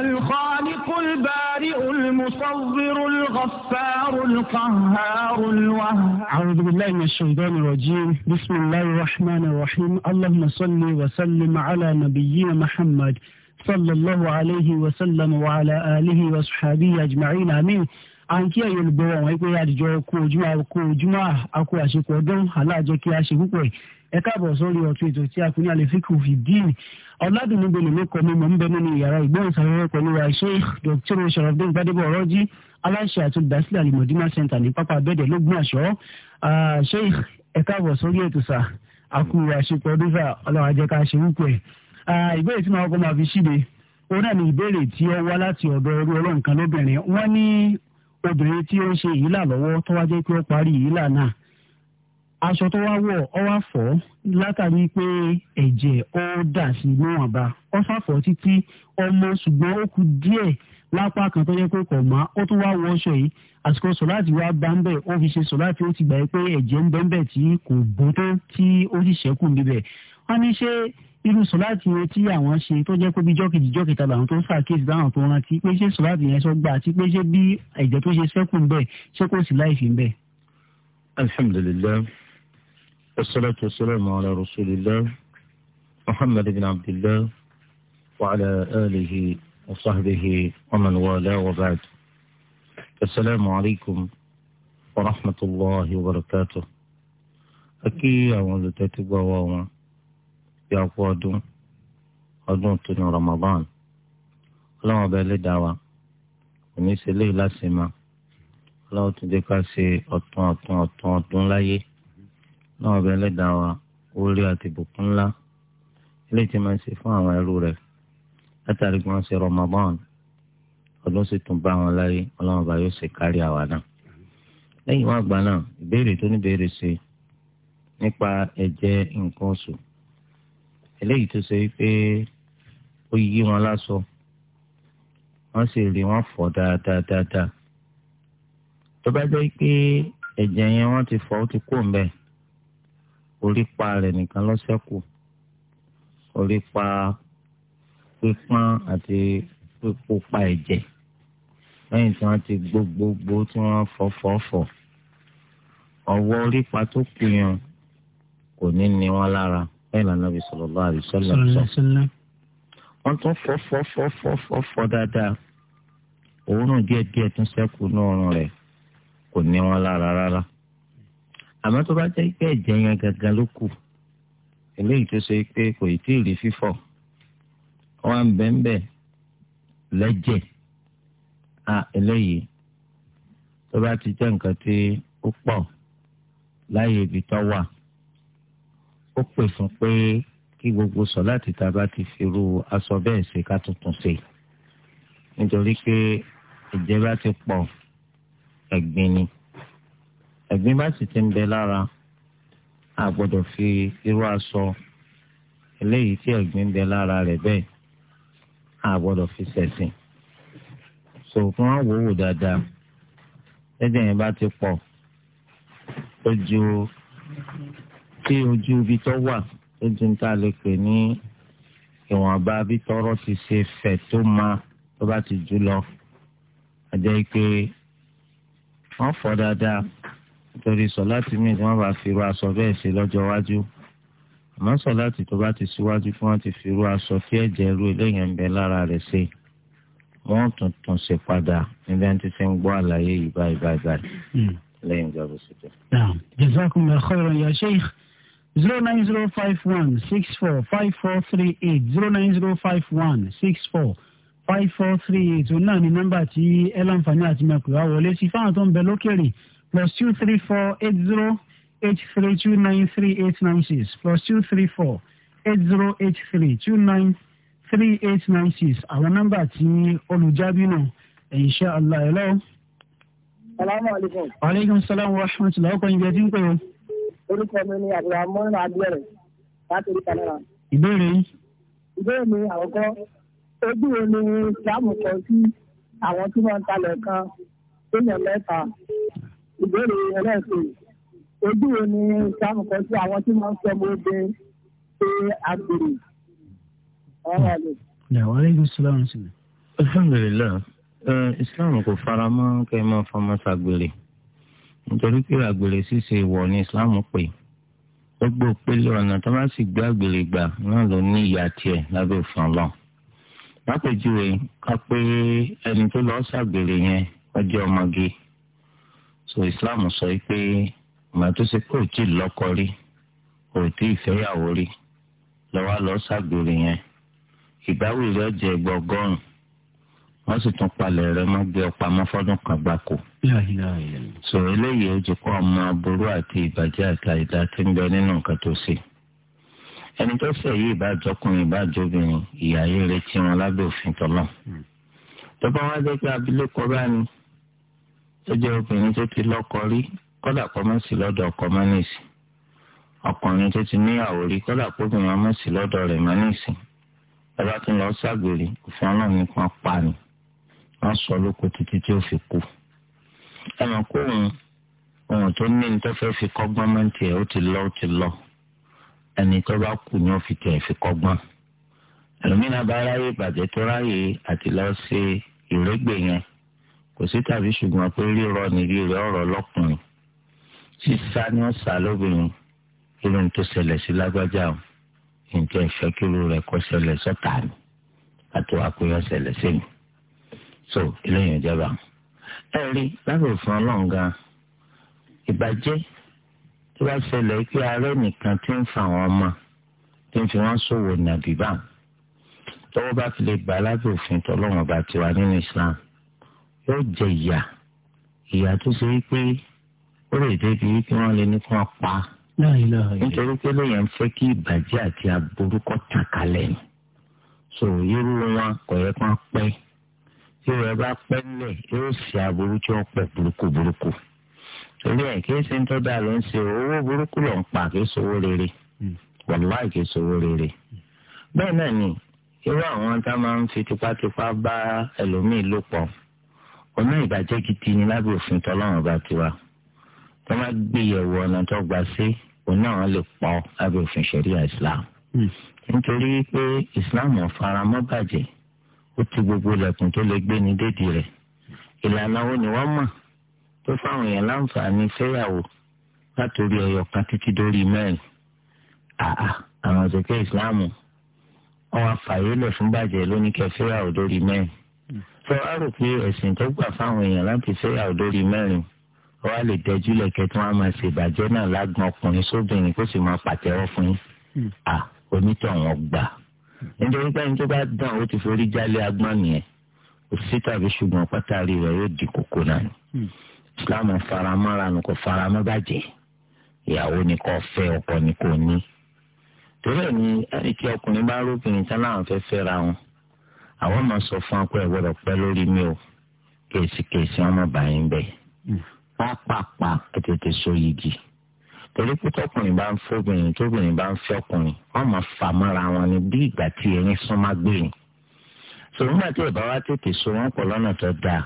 الخالق البارئ المصور الغفار القهار الوهاب أعوذ بالله من الشيطان الرجيم بسم الله الرحمن الرحيم اللهم صل وسلم على نبينا محمد صلى الله عليه وسلم وعلى آله وصحبه أجمعين آمين àǹkí ẹ̀yọ́ olùgbọ́wọ́ àwọn ẹgbẹ́ àdìjọ kó ojúmọ́ kó ojúmọ́ àkó àṣepọ̀ ọdún aláàjọ kí a ṣe púpọ̀ ẹ̀ káàbọ̀ sórí ọ̀tún ètò tí a kò ní àlè fíkù fìdí ọ̀làdùnú gbẹlẹ̀mí kọ́ mímọ́ ń bẹ nínú yàrá ìgbóhùnsáfẹ́fẹ́ pẹ̀lú wa sheikh dr sharafdin gbadebo ọ̀rọ̀jì aláṣẹ àti olùdásílẹ̀ alimọ̀dínmá center ní pápá abẹ́dẹ̀ lógún àṣọ sheikh ẹ káàbọ̀ sórí ètò sà àkú àṣepọ̀ ọdúnfà ọlọ́run ajẹ́ ká ṣe wúkú ẹ̀ ìbéèrè tí màá kọ́ máa fi ṣíde òun náà ni ìbéèrè tí ó wá láti ọ̀dọ̀ ẹrú ọlọ́run kan lóbìnrin wọ́n ní obìnrin tí ó ń ṣe ìyílà lọ́wọ́ tó pé ó parí ìyílà náà aṣọ tó wá wọ̀ ọ wá fọ́ látàrí pé ẹ̀jẹ̀ ó dà sí níwọ̀nba ọ fàfọ́ títí ọmọ ṣùgbọ́n ó kù díẹ̀ lápá kan tó yẹ pé kò mọ́ ó tún wá wọ ọṣọ yìí àsìkò sọ̀láàtì wá bá ń bẹ̀ ó fi ṣe sọ̀láàtì ó ti gbà pé ẹ̀jẹ̀ ń bẹ́ńbẹ̀ tí kò bó tó tí ó sì ṣẹ́kù níbẹ̀ wọ́n ní ṣé irú sọ̀láàtì yẹn tí àwọn ṣe tó jẹ́ pé bí jọ́kìjì jọ́kìta làwọn tó ń ṣàkíyèsí láwọn tó rántí pé ṣé sọ̀láàtì yẹn sọ gbà àti pé ṣé bí ẹ̀jẹ̀ tó ṣe ṣẹ́kù ń bẹ̀ ṣé kò sí láì fi ń bẹ̀. alhamdulilayi والصلاة والسلام على رسول الله محمد بن عبد الله وعلى آله وصحبه ومن والاه وبعد السلام عليكم ورحمة الله وبركاته أكي أول تتبع واوا يا أقوادو أدون رمضان ọlọ́wọ́n ọba ẹlẹ́dàá wa òní ṣe léyìí lásìmá ọlọ́wọ́n tún jẹ́ ká ṣe náà ọbẹ̀ ẹlẹ́dàá wa orí àti ìbùkún ńlá eléyìí ti máa ń ṣe fún àwọn ẹrú rẹ̀ látàrí bí ṣe Ramadan ọdún sì tún bá wọn láyé ọlọ́run bá yóò ṣe kárí àwa náà. lẹ́yìn wọn àgbà náà ìbéèrè tó níbèrè ṣe nípa ẹ̀jẹ̀ nǹkan oṣù eléyìí tó ṣe pé ó yí wọn láṣọ wọ́n sì rí wọn fọ̀ dáadáa dáadáa tó bá jẹ́ pé ẹ̀jẹ̀ yẹn wọ́n ti fọ̀ ó ti kó ń bẹ́ẹ̀ orípa rẹ̀ nìkan ló ṣẹ́kù orípa pípọ́n àti pípupa ẹ̀jẹ̀ lẹ́yìn tí wọ́n ti gbogbogbò tí wọ́n fọ́fọ́fọ́ ọwọ́ orípa tó kù yàn kò ní ní wọn lára bẹ́ẹ̀ lànà bí sallallahu alaihi wasallam wọ́n tún fọ́fọ́fọ́fọ́fọ́ dáadáa òórùn díẹ̀díẹ̀ tún ṣẹ́kù ní ọrùn rẹ̀ kò ní wọn lára rárá àmọ́ tó bá jẹ́ pé ẹ̀jẹ̀ yẹn gangan ló kù eléyìí tó ṣe pé kò ì tí ì rí fífọ̀ wọn ń bẹ ń bẹ lẹ́jẹ̀ à eléyìí tó bá ti jẹ́ nǹkan tí ó pọ̀ láyé ibi tó wà ó pè fún pé kí gbogbo sọ láti ta bá ti firú aṣọ bẹ́ẹ̀ ṣe ká tuntun ṣe nítorí pé ẹ̀jẹ̀ bá ti pọ̀ ẹ̀gbin ni ẹ̀gbin bá sì ti ń bẹ lára a gbọ́dọ̀ fi irú aṣọ eléyìí tí ẹ̀gbin ń bẹ lára rẹ̀ bẹ́ẹ̀ a gbọ́dọ̀ fi ṣẹ̀sìn sòkun àwòwò dáadáa ẹ̀jẹ̀ yẹn bá ti pọ̀ ojú tí ojú ibi tó wà ojú ń ta lè pè ní ìwọ̀nba bí tọrọ ti ṣe fẹ̀ tó ma tó bá ti jù lọ àjẹ́ pé wọ́n fọ̀ dáadáa nítorí sọláàtì míì tí wọ́n bá fi irú aṣọ bẹ́ẹ̀ ṣe lọ́jọ́ iwájú àmọ́ sọláàtì tó bá ti síwájú fún wọn ti fi irú aṣọ tí ẹ̀jẹ̀ irú eléyìí ń bẹ lára rẹ̀ ṣe wọ́n tuntun ṣe padà níbi ẹni ti ń gbọ́ àlàyé yìí báyìí báyìí báyìí hmm. lẹ́yìn ìjọba ìṣèjọ. jazakumullah khairan ya zero nine zero five one six four five four three eight zero nine zero five one six four five four three eight òun náà ni nọ́mbà tí ẹ láǹfààní àti mẹ́kùrẹ́ wọlé sí fáwọn tó ń bẹ lókèrè plus two three four eight zero eight three two nine three eight nine six plus two three four eight zero eight three two nine three eight nine six àwọn nọ́mbà tí olùjábí náà insha Allah ẹ̀lọ́. salaamaleykum. aleykum salaam wa rahmatulah ọkọ ìgbẹ́ tí ń pè o. orúkọ mi ni abdulhamid agbẹ̀rẹ̀ láti orí kanara. ìbéèrè yìí. ìbéèrè mi àkọ́kọ́ ojú wo ni islam kọ sí àwọn tí wọ́n ń talẹ̀ kan lóyún mẹ́ta ìbéèrè ẹlẹ́sìn ojú wo ni sàmùkọ sí àwọn tí wọ́n ń sọ mọ́ de ṣe àgbèrè ọ̀rọ̀ rẹ̀. islam kò fara mọ́ kẹ́ ẹ máa fọmọ ṣàgbèrè nítorí pé àgbèrè ṣíṣe ni islam pè gbogbo ọ̀nà tó bá sì gbé àgbèrè gbà náà ló ní ìyá tiẹ̀ lábẹ́ òfin lápèjúwe pé ẹni tó lọ ṣàgbèrè yẹn ọjọ́ so islam sọ pé màá tó ṣe pé ò tí ì lọ́kọ rí ò tí ì fẹ́yàwó rí lọ́wọ́ lọ ṣàgbèrè yẹn ìdáwó rẹ̀ jẹ́ gbọ́gọ́rùn wọ́n sì tún palẹ̀ rẹ̀ mọ́ bí ọpamọ́ fọ́dún kan gbáko. sọ eléyìí ó ti kọ́ ọmọ aburú àti ìbàjẹ́ àti àìdá tí ń bẹ nínú nǹkan tó ṣe. ẹni tó ṣẹ̀ yìí ìbájọkùnrin ìbájọbìnrin ìyáyé retí wọn lábẹ́ òfin tọ́lọ̀. Hmm. tó bá jẹ́ pé abilékọ bá ní ó jẹ́ obìnrin tó ti lọ́kọ rí kódà kọ́ mọ́ sí lọ́dọ̀ ọkọ mọ́ nísìn ọkùnrin tó ti níyàwó rí kódà kóbìnrin mọ́ sí lọ́dọ̀ rẹ̀ mọ́ nísìn bàbá tó lọ ságbèrè òfin ọlọ́run nípa pa ni wọ́n sọ lóko títí tí ó fi kú ẹ mọ̀ kó òun ohun tó ní ní tó fẹ́ fi kọ́gbọ́n máa ń tiẹ̀ ó ti lọ ó ti lọ ẹni tó bá kù ni ó fi tiẹ̀ fi kọ́gbọ́n ẹlòmínà bá ráyè ìbàjẹ́ tó ráyè àti lọ ìrégbè yẹn kò sí tàbí ṣùgbọ́n pé rírọ ní rírẹ ọ̀rọ̀ lọ́kùnrin sísá ni wọ́n sá lóbìnrin tó ṣẹlẹ̀ sí lágbájá o nǹkan ìṣẹ́kúrú rẹ̀ kọ́ ṣẹlẹ̀ sọ́tà ni àti wàá pé wọ́n ṣẹlẹ̀ sí mi so eléyìí ìjọba ẹ rí lábẹ́ òfin ọlọ́run gan ìbàjẹ́ tó bá ṣẹlẹ̀ pé ààrẹ nìkan ti ń fa àwọn ọmọ tí ń fi wọ́n ṣòwò nàbìbà tọ́wọ́ bá fi lè gbà lábẹ́ òfin tọ́lọ́run ọba tiwa nínú Islam yóò jẹ ìyà ìyà tó ṣe pé ó lè débi kí wọ́n lè ní kí wọ́n pa nítorí pé lèèyàn fẹ́ kí ìbàjẹ́ àti aburúkọ tàn kálẹ̀ ni so irú wọn kò yẹ kí wọ́n pẹ́ tí wọ́n bá pẹ́ lẹ̀ yóò ṣe aburú tí wọ́n pẹ̀ burúkú burúkú torí ẹ̀ kí ẹsẹ̀ ń tọ́ da ló ń ṣe owó burúkú ló ń pa kí sowó rere wàláì kí sowó rere hmm. bẹ́ẹ̀ náà ni irú àwọn tá máa ń fi tipátipá bá ẹlòmíì lò pọ̀ ọ̀nà ìbàjẹ́ gidi ni lábẹ́ òfin tọ́lọ́run bá ti wá tó má gbé yẹ̀wò ọ̀nà tó gbà sí òun náà lè pọ̀ lábẹ́ òfin ṣẹ̀ríà islam nítorí pé islam ò fara mọ́ bàjẹ́ ó ti gbogbo ilẹ̀kùn tó lè gbé ní dédìí rẹ̀ ìlànà wo ni wọ́n mọ̀ tó fáwọn èèyàn láǹfààní fẹ́yàwó látòrí ẹyọ kan títí dórí mẹ́rin àà àwọn òṣèké islam ọ̀ wá fàyè lẹ̀ fún bàjẹ́ lóníkẹ́ fẹ́yàwó dórí mẹ́rin tó a rò pé ẹ̀sìn tó gbà fáwọn èèyàn láti fẹ́yàwó lórí mẹ́rin wọ́n á lè tẹ́jú lẹ́kẹ́ tí wọ́n á máa ṣe ìbàjẹ́ náà lágbọ̀n ọkùnrin sóbìnrin kó sì máa pàtẹ́wọ́ fún yín hmm. à onítọ̀hún gbà nítorí pé ẹni tó bá dán ó ti forí jálé agbọ́n nìyẹn kò sí tàbí ṣùgbọ́n pátárì rẹ̀ yóò di kókó náà ni hmm. Islam faramọ́ra ni kò faramọ́ bàjẹ́ ìyàwó ni kò fẹ́ ọkọ ni kò ní torí ẹ̀ ẹni tí ọkùnrin bá róbìnrin tán láwọn fẹ́ fẹ́ra wọn àwọn máa sọ fún akọ ẹ gbọ́dọ̀ pẹ́ lórí mi o kèsì kèsì ọmọ bàyìn bẹ hmm. pápápá tètè so yìgì torí pé tọkùnrin bá ń fọbìnrin tóbìnrin bá ń fẹ́kùnrin wọn máa fà mọ́ra wọn ni bí ìgbà tí erin súnmá gbé yìí sọ nígbà tí ìbá wa tètè so wọn pọ̀ lọ́nà tó dáa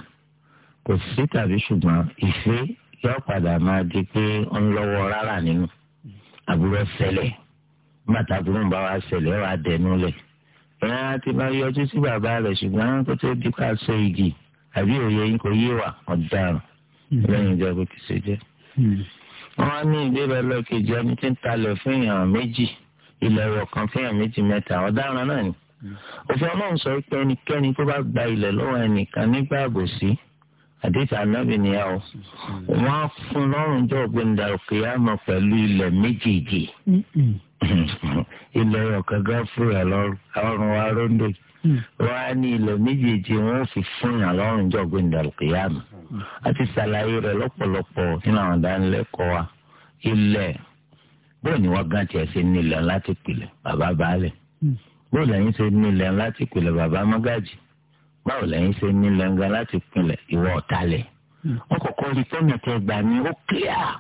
kò sí tàbí ṣùgbọ́n ìfẹ́ yóò padà máa di pé ó ń lọ́wọ́ rárá nínú àbúrò ṣẹlẹ̀ bàtà àbúrò ń bá wa ṣẹlẹ̀ ó wà dẹnu lẹ̀ ìran ti bá yọjú sí bàbá rẹ̀ ṣùgbọ́n kó tó di ká sọ igi àbí òye yín kò yé wa ọ̀daràn hmm. lẹ́yìn ìjọba kò ti ṣe jẹ́. Hmm. wọ́n ní ìbéèrè lọ́kejì ẹni tí ń talẹ̀ fún èèyàn méjì ilẹ̀ ẹ̀rọ kan fún èèyàn méjì mẹ́ta ọ̀daràn náà ni. Hmm. òfin ọlọ́run sọ pé ẹnikẹ́ni tó bá gba ilẹ̀ lọ́wọ́ ẹnìkan nígbà àbòsí àdéhùn anábì ni ọ wọ́n fún lọ́rùn jọ gbẹndà òkè ilẹ̀ ọ̀kan gáfúrà lọ́rùn wa róńdè hmm. wọ́n á ní ilẹ̀ méjèèjì wọ́n fi fún yàn lọ́rùn jọ̀gbìn hmm. a àti ṣàlàyé rẹ̀ lọ́pọ̀lọpọ̀ nínú àwọn ìdánilẹ́kọ̀ọ́ wa ilẹ̀ bóyá ni wọ́n gán tiẹ̀ ṣe láti pìlẹ̀ bàbá baálẹ̀ hmm. bóyá lẹ́yìn ṣe láti pìlẹ̀ bàbá báwo lẹ́yìn ṣe láti pìlẹ̀ ìwọ wọ́n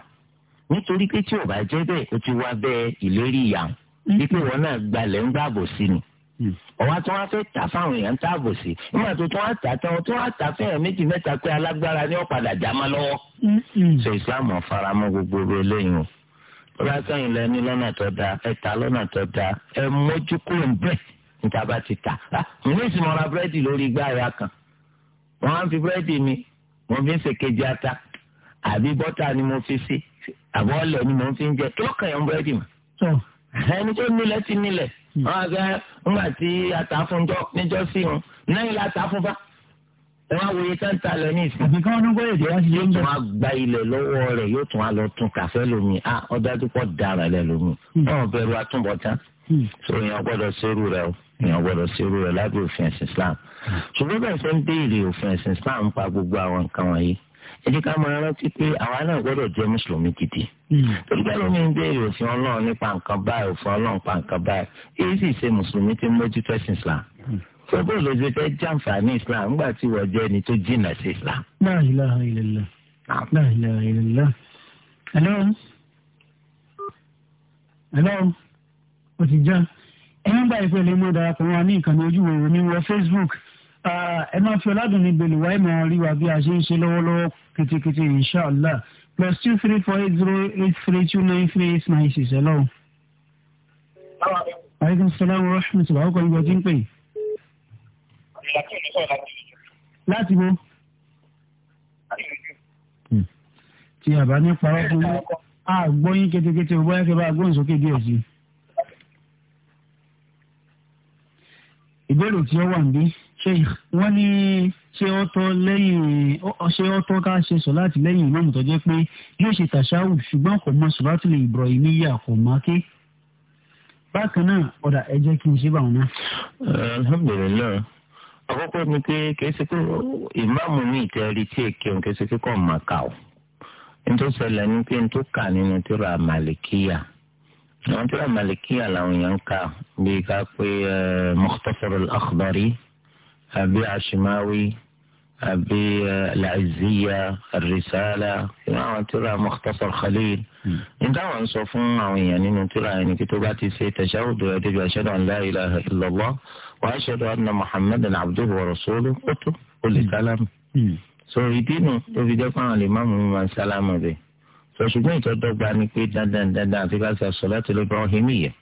nítorí pé tí ò bá jẹ́ bẹ́ẹ̀ o ti wá bẹ́ẹ̀ ìlérí ìyá mm-hmm. wípé wọn náà gbalẹ̀ ń gbàbò sí ni mm. ọ̀wá tí wọ́n fẹ́ tà fáwọn èèyàn ń tààbò sí nígbà tó tí wọ́n tà tán tí wọ́n tà fẹ́yàn méjì mẹ́ta pé alágbára ni ó padà já má lọ́wọ́. Mm-hmm. sọ Islam ọ̀faramọ́ gbogbo orí eléyìí o bóyá sẹ́yìn lẹ́ni lọ́nà tó dáa ẹ ta lọ́nà tó dáa ẹ mójú kúrò ń níta bá ti tà. ìwé ah, ìsìnkú ra búrẹ́dì lórí igbá ẹ̀yà kan wọ́n á fi búrẹ́dì mi mo fi ń ṣèkejì ata àbí bọ́tà ni mo fi sí. Si àbọ̀ ọ̀lẹ̀ ni mò ń fi ń jẹ kí lọ́kàn yẹn ń búrẹ́dì mà. ẹni tó nílẹ̀ ti nílẹ̀ hmm. wọn àgbẹ̀ ńgbà tí àtàfúnjọ níjọ́ sí wọn náà ilẹ̀ àtàfúnfà ẹ wá wòye káńtà lọ ní ìsìn. àbíkán ọdún gbọ́ èdè wá sí yóò tún wá gba ilẹ̀ lọ́wọ́ rẹ̀ yóò tún wá lọ tún kàfẹ́ lómi à ọ̀dájú pọ̀ dára lẹ̀ lómi hmm. náà bẹ̀rù àtúbọ̀tán. Hmm. so èèyàn gbọ́dọ̀ ṣerú rẹ o èèyàn gbọ́dọ̀ ṣerú rẹ lábẹ́ òfin ẹ̀sìn Islam ṣùgbọ́n bẹ́ẹ̀ ṣe ń béèrè òfin ẹ̀sìn Islam ń pa gbogbo àwọn nǹkan wọ̀nyí ẹbí ká máa rántí pé àwa náà gbọ́dọ̀ jẹ́ mùsùlùmí gidi. Hmm. torí pé lómi ń béèrè òfin ọlọ́run nípa nǹkan báyìí òfin ọlọ́run pa nǹkan báyìí èyí sì ṣe mùsùlùmí tí mójútó ẹ̀sìn islam. fẹ́bí hmm. olóògbé fẹ́ jàǹfààní islam nígbà tí wọ́n jẹ́ ẹni tó jìnnà sí islam. la ilaha illallah ah. la ilaha illallah. hello hello o ti já ẹ ń gbà ìpele mọ́ darapọ̀ wọn ní ìkànnì ojú wo ní wọ Facebook ẹ máa fi ọ̀làdùn ní bẹ̀lùwá ẹ̀ máa rí wa bí a ṣe ń ṣe lọ́wọ́lọ́wọ́ kìtìkìtì inshàlá plus two three four eight zero eight three two nine three eight nine six ẹ̀ lọ́wọ́. aleykum salaam wa rahmatulah ọkọ ìgbà tí ń pè. láti wo. Hmm. tí a bá ní parọ́ fún mi a gbọ́ yín kétékété o bóyá kẹ́ bá a gbóhùn sókè díẹ̀ sí i. ìbéèrè tí ó wà ń bí wọ́n ní ṣé ó tọ́ lẹ́yìn ṣé ó tọ́ ká ṣe sọ láti lẹ́yìn ìmáàmù tó jẹ́ pé yóò ṣe tàṣáwù ṣùgbọ́n kò mọ sọ̀láàtì lè Ibrahimiyya kò mọ́ ké bákan náà ọ̀dà ẹ jẹ́ kí n ṣe báwọn náà. alhamdulilayi àkọ́kọ́ ni pé kìí ṣe pé ìmáàmù mi ìtẹ́rí tí èké òun kìí ṣe pé kò mọ̀ ká o nítorí ṣẹlẹ̀ ni pé n tó kà nínú tírà màlìkíyà àwọn tírà màlìkíyà làwọn èèyàn ń kà bíi ká pé eh, Mukhtasar أبي عشماوي أبي آه، العزية الرسالة ترى مختصر خليل إن دعوا أن صفونا يعني أن ترى أن كتباتي سيتشهد ويجب أشهد أن لا إله إلا الله وأشهد أن محمد عبده ورسوله قلتوا قل سلام سويتينو تفيدكم عن الإمام من سلام به فشكوين تدقى أن كي دان دان دان في قاسة الصلاة الإبراهيمية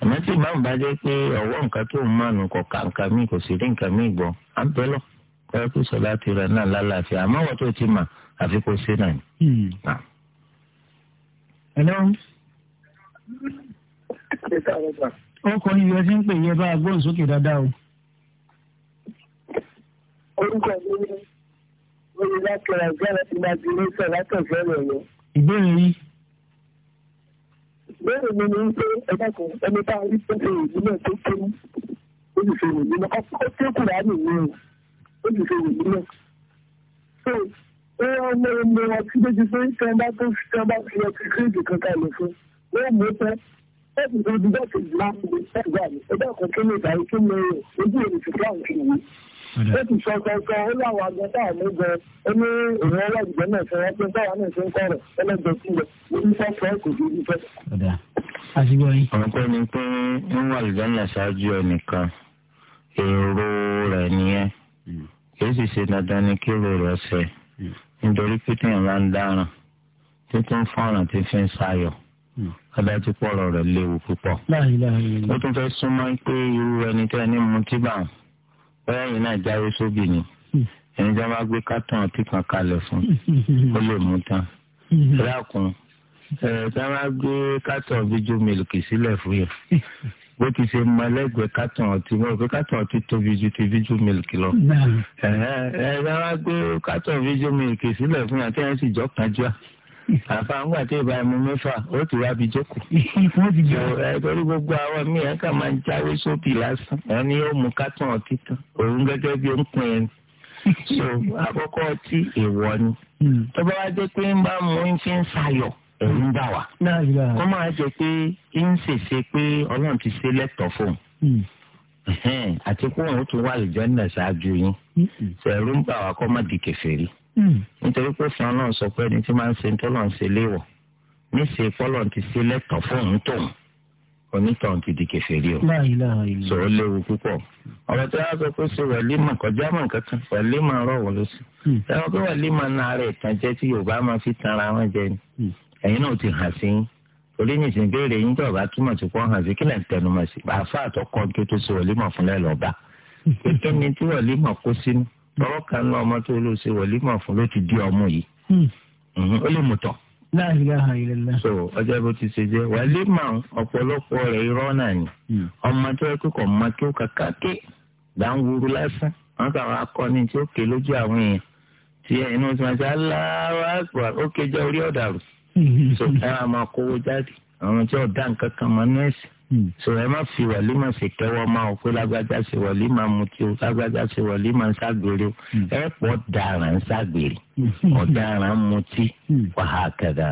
àmọ́ tí báwọn bá jẹ́ pé ọ̀wọ́ nǹkan tó ń mánu kọ̀ ká nǹkan míì kò sì rí nǹkan míì gbọ́ à ń bẹ́lọ̀ kọ́ pé sọlá ti rẹ̀ náà lálàáfíà àmọ́ wọ́n tó ti mà àfi kò sí náà. Hmm. hello. ọkọ̀ yìí ẹ ti ń pè yẹ bá agbóhùn dáadáa o. orúkọ mi ni olùdákẹ́rẹ́ ìjọba ti máa di ilé iṣẹ́ látọ̀fẹ́ rẹ̀ lọ. ìbéèrè yìí bẹ́ẹ̀ mi ni pé ẹ̀dá kan ẹni tá a rí pé èyí náà tó kéwú ó sì ṣe èyí náà ó kéwù rà nìyẹn ó sì ṣe èyí náà. so ó wá mọ ọmọ wa méjì pé tí tó tí wọn fi ọtí kéèjì kan kalẹ̀ fún wọn mú tẹ́ ó sì ṣe ibi bẹ́ẹ̀ láti lè kí ni ìdáyé kí ni ojú èrè ti fún àwọn kìnìún ó ti sọ kankan ó láwọn àgbẹ̀ tá à ló gan ó ní èmi ọlọ́gbẹ́ náà fi wọ́n pé báwa náà ṣe ń kọ̀rọ̀ ẹlẹ́gbẹ́ sí rẹ̀ lórí fẹ́fẹ́ kò sí ibi fẹ́. ọ̀pọ̀ ni pé ń wà lùdánù ṣáájú ẹnìkan èrò rẹ̀ nìyẹn hmm. kìí sì ṣe dandan ni kí èrò rẹ̀ ṣe hmm. nítorí pé téèyàn bá ń dáràn títún fọ́nrán tí fi ń ṣayọ̀ hmm. adájú pọ̀rọ̀ rẹ̀ léwu púpọ̀. ó tún fẹ́ súnmọ́ pé irú ẹni tẹ́ ẹni mutí báwọn bóyá yìí náà jáwé sóbì ni hmm. ẹni tí wọn bá gbé kátàn ọtí kan kalẹ̀ fún hmm. ó lè mú tán lákùn hmm. ẹ tí wọn bá gbé kátàn bíjú mílìkì sílẹ̀ fún yẹn bó ti ṣe mọ ẹlẹgbẹẹ kátàn ọtí mọ pé kátàn ọtí tóbi ju ti bíjú mílìkì lọ ẹ ẹ tí wọn bá gbé kátàn bíjú mílìkì sílẹ̀ fún yẹn tí wọn sì jọ kánjú à àfa ńgbà tí ìbá ẹmu mẹ́fà ó ti wá bí jókòó. wọ́n ti jọ ẹ torí gbogbo àwọn míì ẹ̀ kà máa ń jáwé sóbì lásán. wọ́n ní ó mú kátàn ọtí tán òun gẹ́gẹ́ bí ó pin ẹni. so àkọ́kọ́ ọtí èèwọ̀ ni. Hmm. tó bá wá jẹ́ pé ń bá mú ń fi ń sayọ̀ ẹ̀rù ń bà wá. kó máa jẹ pé ń ṣèṣe pé ọlọ́run ti ṣe lẹ́tọ̀ọ́ fóun hmm. àti kó tún wà lè jẹ́ ń nà ṣáájú yín. Hmm. ẹ̀rù ń bà wá kó má di kèfèrí. Hmm. nítorí pé fún ọlọ́run sọ pé ẹni tí máa ń ṣe tọ́lọ̀ ṣe léwọ̀ níṣẹ́ pọ́lọ̀ ti ṣe lẹ́tọ̀ fóun tóun onítàn ti di kèfèrí o sọ̀rọ̀ léwu púpọ̀ ọ̀rọ̀ tí wọ́n sọ pé ṣe wàlímà kọjá mọ̀ kankan wàlímà ló sì pé náà rẹ̀ jẹ́ tí yorùbá máa fi wọn tọwọ́ kan ọma ọmọ tó ló ṣe wọlé mọ̀ fún ló ti di ọmọ yìí hmm. ó lè mú tán. so ọjọ́ bó ti ṣe jẹ́ wàlé màá ọ̀pọ̀lọpọ̀ rẹ̀ irọ́ náà ni hmm. ọmọ tó yẹ kó kí ó kàkà ké akọni tí ó ké lójú àwọn èèyàn tí inú ṣe ó ké orí ọ̀dàrú hmm. so ẹ máa kówó Hmm. sọ ẹ má fi wàlímà ṣe kẹwọ́ máa ò pé lágbájá ṣe wàlímà mutí o lágbájá ṣe wàlímà ń ṣàgbèrè o hmm. ẹ pọ̀ dàrán ń ṣàgbèrè hmm. ọ̀daràn mutí wàhálà kẹ̀dá.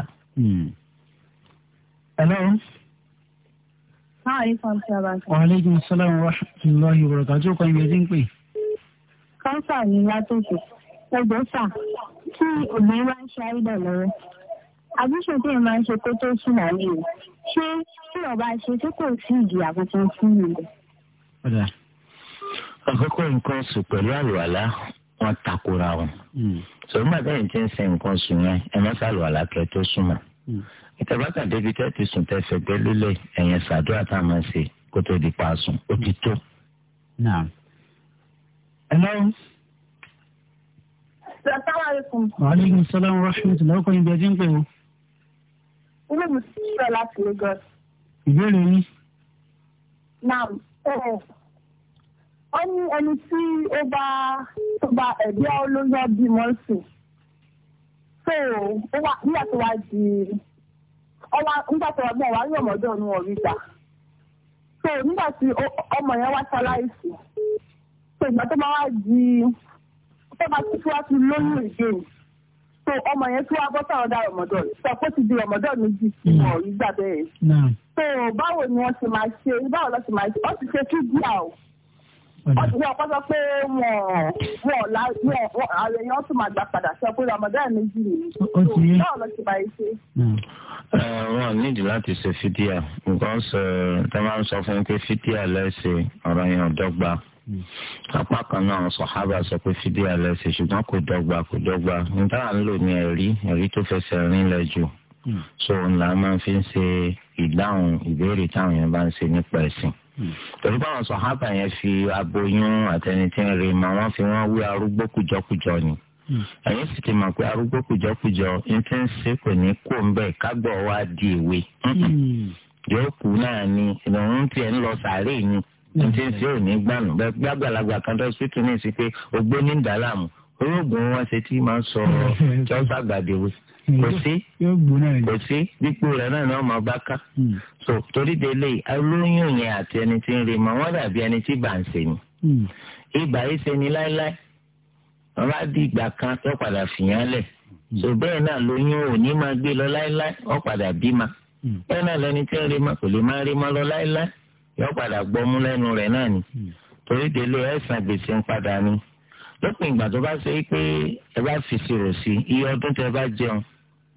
hello. Hi, Wàhálẹ́gùn Sálàmù Ràhùnláhi Bùrọ̀kàjọ́ kan ìwé tí ń pè. Kánsà ni látòkè. Ẹgbẹ́ sà, kí obìnrin máa ń ṣe àìdà lọ́wọ́. Àbúṣe tí ẹ máa ń ṣe kó tó sùn àlè rẹ̀ ṣé tí ọba ṣe tí kò sí ìjìyà kankan fún mi. àkọ́kọ́ nǹkan oṣù pẹ̀lú àlùwàlá wọn takora wọn sọ̀rọ̀ máa bẹ́ẹ̀ ti ń sin nǹkan oṣù yẹn ẹ má ṣàlùwàlá kẹ́ tó súnmọ́ hmm. ìtàbátà débi tẹ́ ti sùn tẹ́ fẹ̀gbẹ́ lélẹ̀ ẹ̀yẹn ṣàdúrà tá a máa ṣe kó tó di pa sùn ó ti tó. hello. salaamaleykum. waaleykum salaam wa rahmatulah ọkọ ìgbẹ́jì ń pè wọ́n. ilé mi sí sọ̀rọ̀ láti Lagos. ìbéèrè yín. naam ó ní ẹni tí ó bá tó bá ẹ̀bí olóyún bímọ sùn so ó wà nígbà tó wá nígbà tó wá gbọ́n wá yọ̀ mọ́jọ́ gbà so nígbà tí ọmọ yẹn wá ṣaláìsì so ìgbà tó bá wá di tó bá wá lóyún ìgbéyìí. so ọmọ yẹn tí wàá bọ́ sáwọn dá rọmọdọ́ sọ pé ti di rọmọdọ́ méjì sí wọn hmm. ìgbà bẹ́ẹ̀. so báwo ni wọ́n ti máa ṣe báwo lọ́ ti máa ṣe wọ́n ti ṣe two bíà o wọ́n ti ní ọkọ sọ pé wọ́n ọ̀la àwọn èèyàn tún máa gbà padà sọ pé ramadan méjì nìyí náà lọ sí báyìí ṣe. wọn nídìí láti ṣe fídíà nǹkan sọ tẹ́ máa ń sọ fún pé fídíà lẹ́sẹ̀ ọ̀rọ̀ yẹn ò dọ́gba. Hmm. apá kan náà àwọn sọ̀hábà sọ pé fìdí àlẹ́ ṣe ṣùgbọ́n kò dọ́gba kò dọ́gba níta à ń lò ní ẹ̀rí ẹ̀rí tó fẹsẹ̀ rinlẹ̀ jù hmm. so ńlá máa fi ń ṣe ìdáhùn ìbéèrè táwọn yẹn bá ń ṣe nípa ẹ̀sìn hmm. torí báwọn sọ̀hábà yẹn fi aboyún àtẹnitẹ́ rè mà wọ́n fi wọ́n wí arúgbó kùjọkùjọ ni ẹ̀yin sì ti mọ̀ pé arúgbó kùjọkùjọ ní ti ń ṣe kò ní kó ń bẹ̀ kágbọ̀ wá di ìwé yóò kú náà ni ìrọ̀rùn tiẹ̀ ń lọ sàárè ni. ntí ń ṣe òní gbànú bẹ́ẹ̀ bí kan tó sì tún sí pé ògbó ní orógùn wọn ṣe tí máa ń sọ jọ́sà gbàdéwò kò sí kò sí dípò náà náà máa bá hmm. so torí délé àti ẹni tí ń rí mọ wọn dàbí ẹni tí bà ń ni hmm. yìí ṣe ni láéláé wọn bá hmm. so bẹ́ẹ̀ náà lóyún máa lọ láéláé padà bí ma náà lẹni tí ń mọ kò lè máa lọ láéláé. yóò padà gbọ́mú lẹ́nu rẹ̀ náà ni hmm. torí délé ẹ̀sán gbèsè ń padà ni lópin ìgbà tó bá ṣe é pé ẹ bá fìṣirò sí iye ọdún tẹ bá jẹun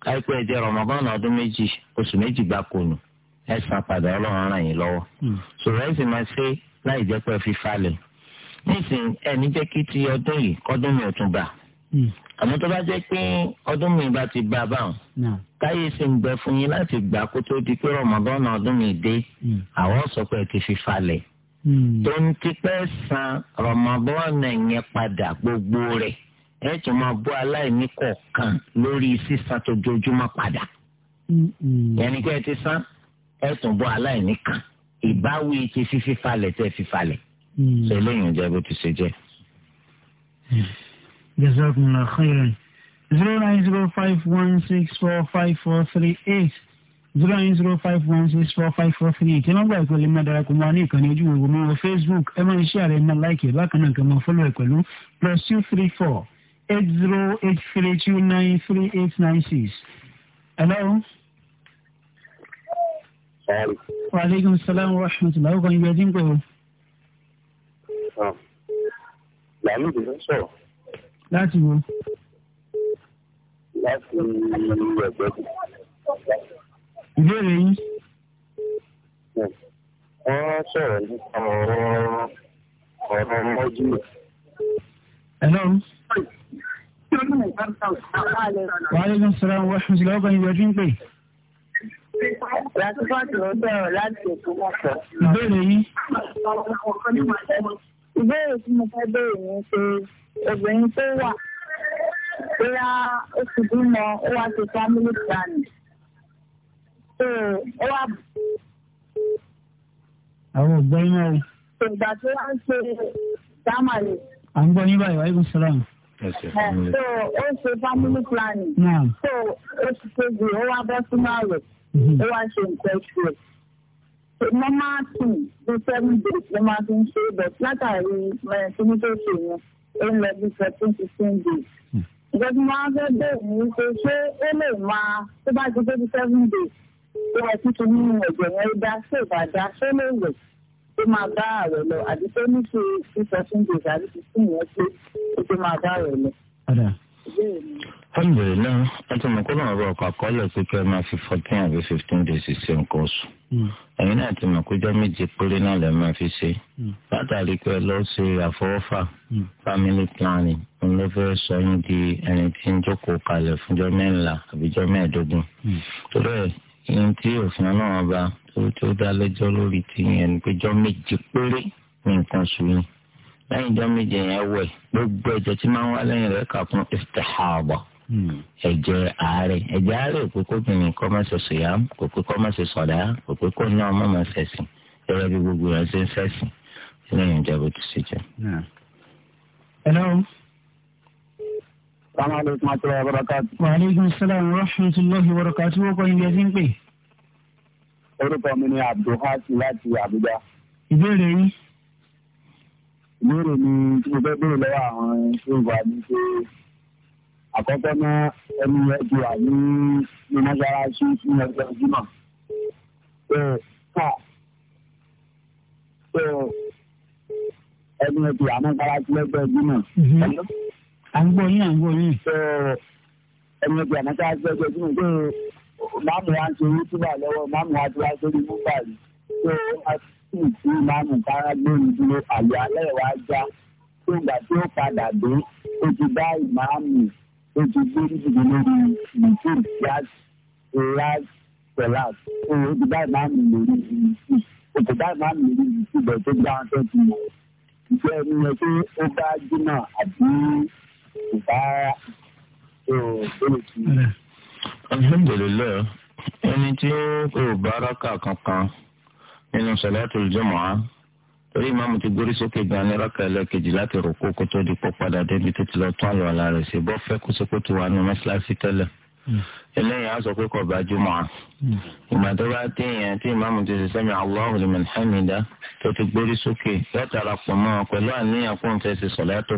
káyipẹ́ ẹ jẹ Ramadan ọdún méjì oṣù méjì gbáko nù ẹ̀sán padà ọlọ́run ràn yín lọ́wọ́ hmm. sọ̀rọ̀ ẹ̀sìn máa ṣe láì jẹ́ pé ẹ fi falẹ̀ nísìnyí ẹni jẹ́ kí ti ọdún yìí kọ́dún mi ò tún bà hmm àmọ́ tó bá jẹ́ pé ọdún mi bá ti bá a báwọn káyé sì ń gbẹ fún yín láti gbà kó tó di pé rọmọdún ọdún mi dé hmm. àwọn sọ pé kì í fi falẹ̀ hmm. tó ń tipẹ́ san rọmọdún yẹn padà gbogbo rẹ̀ ẹ tún máa bọ́ aláìní kọ̀ọ̀kan lórí sísan tó jojúmọ́ padà hmm. yẹnni kí ẹ ti san ẹ tún bọ́ aláìní kan ìbáwí ti fífi falẹ̀ tẹ́ fífalẹ̀ ṣe lóyún bó ti ṣe jẹ́. Jazakumullah khairan. 090516454438 090516454438 ẹ má gbà pẹ̀lú ẹ mọ́ ní ìkànnì ojú ìwòrán mi wọ Facebook ẹ má iṣẹ́ rẹ̀ ẹ má láìkì bákan náà kẹ́ mọ́ fọ́lọ́ ẹ̀ pẹ̀lú plus two three four eight zero eight three two nine three eight nine six. Hello. Sorry. Wa aleykum salaam wa rahmatulah. Ó kàn yín bí ẹ ti ń pè o. Làmúdì ló soro láti wo. láti ẹgbẹ́ kù. ìbéèrè yín. wọ́n sọ̀rọ̀ nípa ọ̀rọ̀ ọ̀rọ̀ mọ́jú. hello. wàá lè sọ̀rọ̀ àwọn ẹ̀sùn ìlà ọgbà ìwé ọdún pé. láti bọ́ọ̀tù ló sọ̀rọ̀ láti ètò mọ̀tò. ìbéèrè yín. ìbéèrè tí mo fẹ́ béèrè ni pé obìnrin tó wà bóyá ó ti bímọ ó wá ṣe family planning so ó wá. àwọn ògbẹ́ iná o. ìgbà tó wá ń ṣe dámàlè. à ń gbọ́ yín báyìí wáyé kò sọ́ra mi. so ó ṣe family planning. so ó ti ṣe jù ó wá bọ́ sínú àwẹ̀ mhm. ó wá ṣe nǹkan oṣù rẹ̀ normal thing bí seven days ló máa fi ń ṣe but látàrí mẹrin tí mo tó ṣe yẹn ó ń lọ bí fourteen fifteen days. ǹjẹ́ bí wọ́n á fẹ́ bẹ̀rẹ̀ ní pé ṣé ó lè máa tó bá ti débi seven days tó wọ́n ti tún nínú ẹ̀jẹ̀ yẹn ó dá ṣé ìbá dá ṣé lè wẹ̀ tó máa bá ààrẹ lọ àbí ní ṣe fourteen days àbí fifteen yẹn tó máa bá ààrẹ lọ alhamdulilayi àti mọ̀kọ́lọ́ ọ̀rọ̀ ọkọ̀ àkọọ́lẹ̀ pé kí ẹ máa fi fourteen àbí fifteen days ṣe nǹkan oṣù. Hmm. ẹ̀yin náà ti mọ̀ péjọ́ méje péré náà lẹ́ máa fi ṣe. Hmm. látàrí pé ẹ lọ ṣe àfọwọ́fà hmm. family planning ń lọ fẹ́ sọ yín di ẹni tí ń jókòó kalẹ̀ fúnjọ́ mẹ́ńlá àbíjọ́ mẹ́ẹ̀ẹ́dógún. torí ẹ̀ ìyẹn tí òfin ọlọ́run ọba tó dá lẹ́jọ́ lórí ti yẹn ni péjọ́ méje péré ní nǹkan oṣù yìí lẹ́yìn ìjọ méje yẹn wẹ̀ gbogbo ẹ̀jẹ̀ tí máa ń wá lẹ́yìn rẹ̀ kà fún istihaba hmm. ẹ̀jẹ̀ àárẹ̀ ẹ̀jẹ̀ àárẹ̀ kò pé kóbìnrin kọ́ máa ṣe sòyàm kò kọ́ máa ṣe sọ̀dá kò ní ọmọ máa ṣẹ̀sìn ẹ̀rọ bí gbogbo rẹ̀ ṣe ń ṣe jẹ́. hello. salaamaleykum àti wabarakatu. waaleykum salaam wa rahmatulahi wa barakatu wọ́n kọ́ ibi ẹtí ń pè. orúkọ mi ni abdulhasi láti Àbújá. ìbéèrè ìbéèrè mi tí mo fẹ́ béèrè lọ́wọ́ àwọn tó wà ní pé àkọ́kọ́ náà ẹni ẹ ti wà ní ní mọ́ṣáláṣí fún ọjọ́ Jímọ̀. ẹni ẹ ti wà ní mọ́ṣáláṣí lọ́jọ́ Jímọ̀. Mhm. à ń gbọ́ yín à ń gbọ́ yín. ẹni ẹ ti mọ́ṣáláṣí lọ́jọ́ Jímọ̀ pé máàmù wa ń ṣe yútúbà lọ́wọ́ máàmù wa ti wá sórí sí ìsí ìmáàmù kára gbé ìdúró àlọ́ alẹ́ wa já tó ìgbà tí ó padà dé ó ti bá ìmáàmù ó ti gbé ìdíje lórí nìkúrú yáàsì ìyáàsì pẹ̀lá ó ti bá ìmáàmù lórí ìsí ó ti bá ìmáàmù lórí ìsí bẹ̀ tó gbá wọn tó ti ìfẹ́ ẹni yẹn pé ó bá jìnnà àti ìbára tó tó lè fi. alhamdulilayi ẹni tí kò bá rákà kankan nínú sọláàtù jọmọ́á torí ìmáàmù ti gbórí sókè gan ní rákà ẹlẹ́kejì láti rúkú kó tó di pọ̀ padà débi tó ti lọ tún àyọ̀ àlá rẹ̀ ṣe bọ́ fẹ́ kó sókè tó wà nínú mẹ́sàlásì tẹ́lẹ̀ eléyìí á sọ pé kò bá jùmọ̀ ìgbà tó bá dé yẹn tí ìmáàmù ti sẹ́mi Allahu liman hamida tó ti gbórí sókè látara pọ̀ mọ́ ọ pẹ̀lú àníyàn kó n fẹ́ ṣe sọ̀láàtù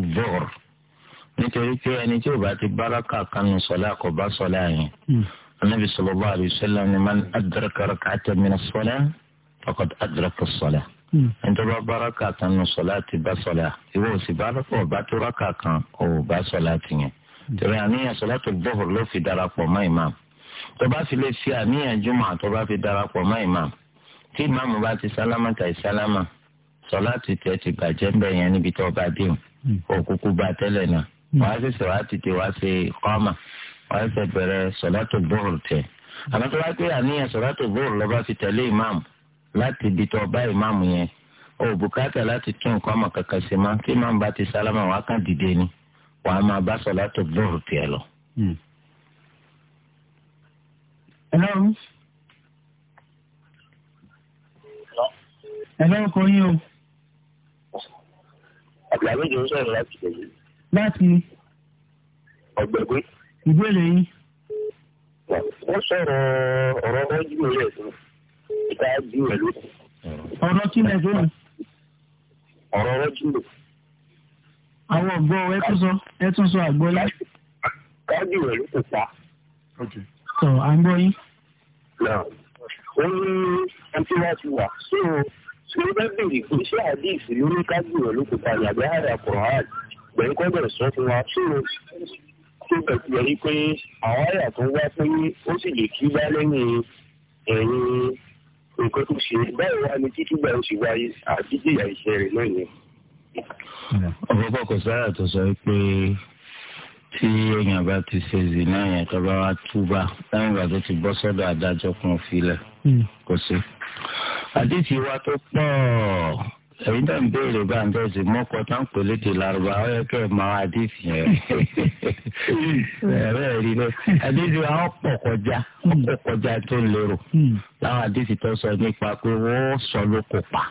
ọkọ àdúrákà sọlá ẹnjọba báraka kan nù sọlá ti bá sọlá ìwọ òsì báraka ọba tó ráka kan ò bá sọlá ti yẹn torí àníyàn sọlá tó dọ̀hùr ló fi darapọ̀ mọ́ ìmáàmù tó bá fi lè fi àníyàn jùmọ̀ tó bá fi darapọ̀ mọ́ ìmáàmù tí ìmáàmù bá ti sálámà tàì sálámà sọlá ti tẹ ti bàjẹ́ ń bẹ̀ yẹn níbi tó bá dé òkúkú bá tẹ́lẹ̀ náà wàá ṣẹ̀ṣẹ̀ wàá tẹ wàá ṣe kọ́mà wàá ṣẹ̀ bẹ̀rẹ̀ sọlá láti ibi tó bá ìmáàmù yẹn o ò bùkátà láti tún nǹkan ọmọ kankan ṣe máa tí màá bá ti sálámà wá kàn dìde ni wàá máa bá sọ látò bọ́ọ̀rù tiẹ̀ lọ. ẹlọ́run hmm. ẹlọ́run kò yín o. àgbàdo yìí ń sọ̀rọ̀ láti tẹ̀lé. láti. ọ̀gbẹ̀gbẹ́. ìbéèrè yín. wọ́n sọ̀rọ̀ ọ̀rọ̀ ọjọ́ ìrẹsì ìtajú rẹ̀ ló. ọ̀rọ̀ kí lẹ fẹ́ mi. ọ̀rọ̀ rọ́jú lò. àwọn ọ̀gbọ́ ẹ tún sọ ẹ tún sọ àgbọ̀ lá. ìtajú rẹ̀ ló kò pa. sọ à ń gbọ́ yín. ó ní ẹtí wá ti wà sí o ṣé ó bá béèrè pé ṣé àdéhìsì ló ní kájú rẹ̀ ló kò pa yàgbẹ́ àrà kọ̀ọ̀hán pẹ̀lú kọ́ bẹ̀rẹ̀ sọ fún wa ṣé o tó bẹ̀rẹ̀ yẹrí pé àwọn àyà tó wá pé ó sì lè kí bá lẹ́yìn ẹ̀yìn nǹkan tó ṣe báwo wá ni títí gbà ó sì wáyé àti jìyà iṣẹ́ rẹ̀ náà yẹn. ọ̀pọ̀pọ̀ kò sáyà tó sọ pé tí èèyàn bá ti ṣe zina yẹn tó bá wá túbà lẹ́yìn ìgbà tó ti bọ́ sọ́dọ̀ adájọ́ kan filẹ̀ hmm. kò sí. àdìsí wa tó pọ̀ èyí tẹ̀ ń béèrè bá ń tẹ̀sí mọ́kọ́ tán kò lè di làrúbá ọ̀ yẹ kẹ́ ẹ̀ máa àdìsí yẹn bẹ́ẹ̀ rí lọ àdìsí àwọn pọ̀ kọjá pọ̀ kọjá tó lérò láwọn àdìsí tó sọ nípa pé wọ́n sọ ló kó pa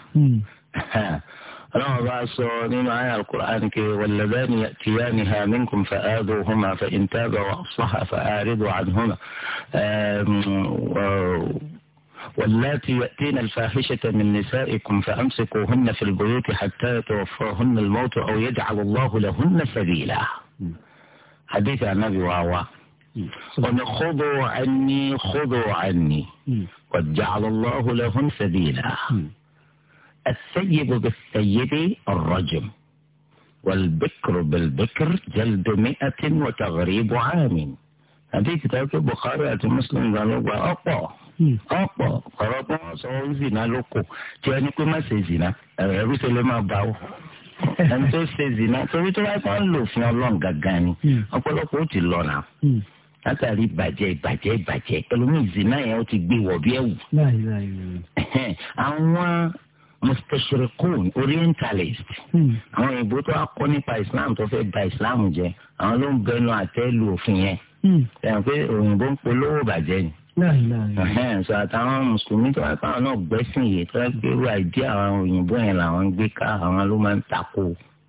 ọlọ́run bá sọ nínú àyà alukur'an kí wàlẹ́bẹ́ni tìyá ni hàmínkùn fa'adu huma fa'intaga wà sọ́ha fa'aridu àdúhùmá. واللاتي يأتين الفاحشة من نسائكم فأمسكوهن في البيوت حتى يتوفاهن الموت أو يجعل الله لهن سبيلا حديث النبي وهو قل خذوا عني خذوا عني قد جعل الله لهن سبيلا السيد بالسيد الرجم والبكر بالبكر جلد مئة وتغريب عام حديث كتاب البخاري مسلم قالوا أقوى Hmm. ọ̀pọ̀ ọ̀rọ̀ pé wọ́n sọ wọ́n zina ló kù tí ẹni pé má ṣe zina ẹ̀rú ṣe ló máa bá wò ẹni tó ṣe zina torí tó bá kọ́ ń lò fún ọlọ́run gangan ni hmm. ọ̀pọ̀lọpọ̀ ó ti lọ nà hmm. látàrí ìbàjẹ́ ìbàjẹ́ ìbàjẹ́ ẹlòmíì zina yẹn ó ti gbé wọ̀ bí ẹ̀wù. àwọn mustachirikun orientalist. àwọn òyìnbó tó wá kọ́ nípa islam tó fẹ́ bà islam jẹ́ àwọn ló ń bẹnu àtẹ́ òfin yẹn. ẹ̀yàn pé òyìnbó ń polówó bàjẹ́ ni sọ àtàwọn mùsùlùmí tó wá fáwọn náà gbẹ́sìn yìí tó wá gbé irú àìdí àwọn òyìnbó yẹn làwọn ń gbé ká àwọn ló máa ń takò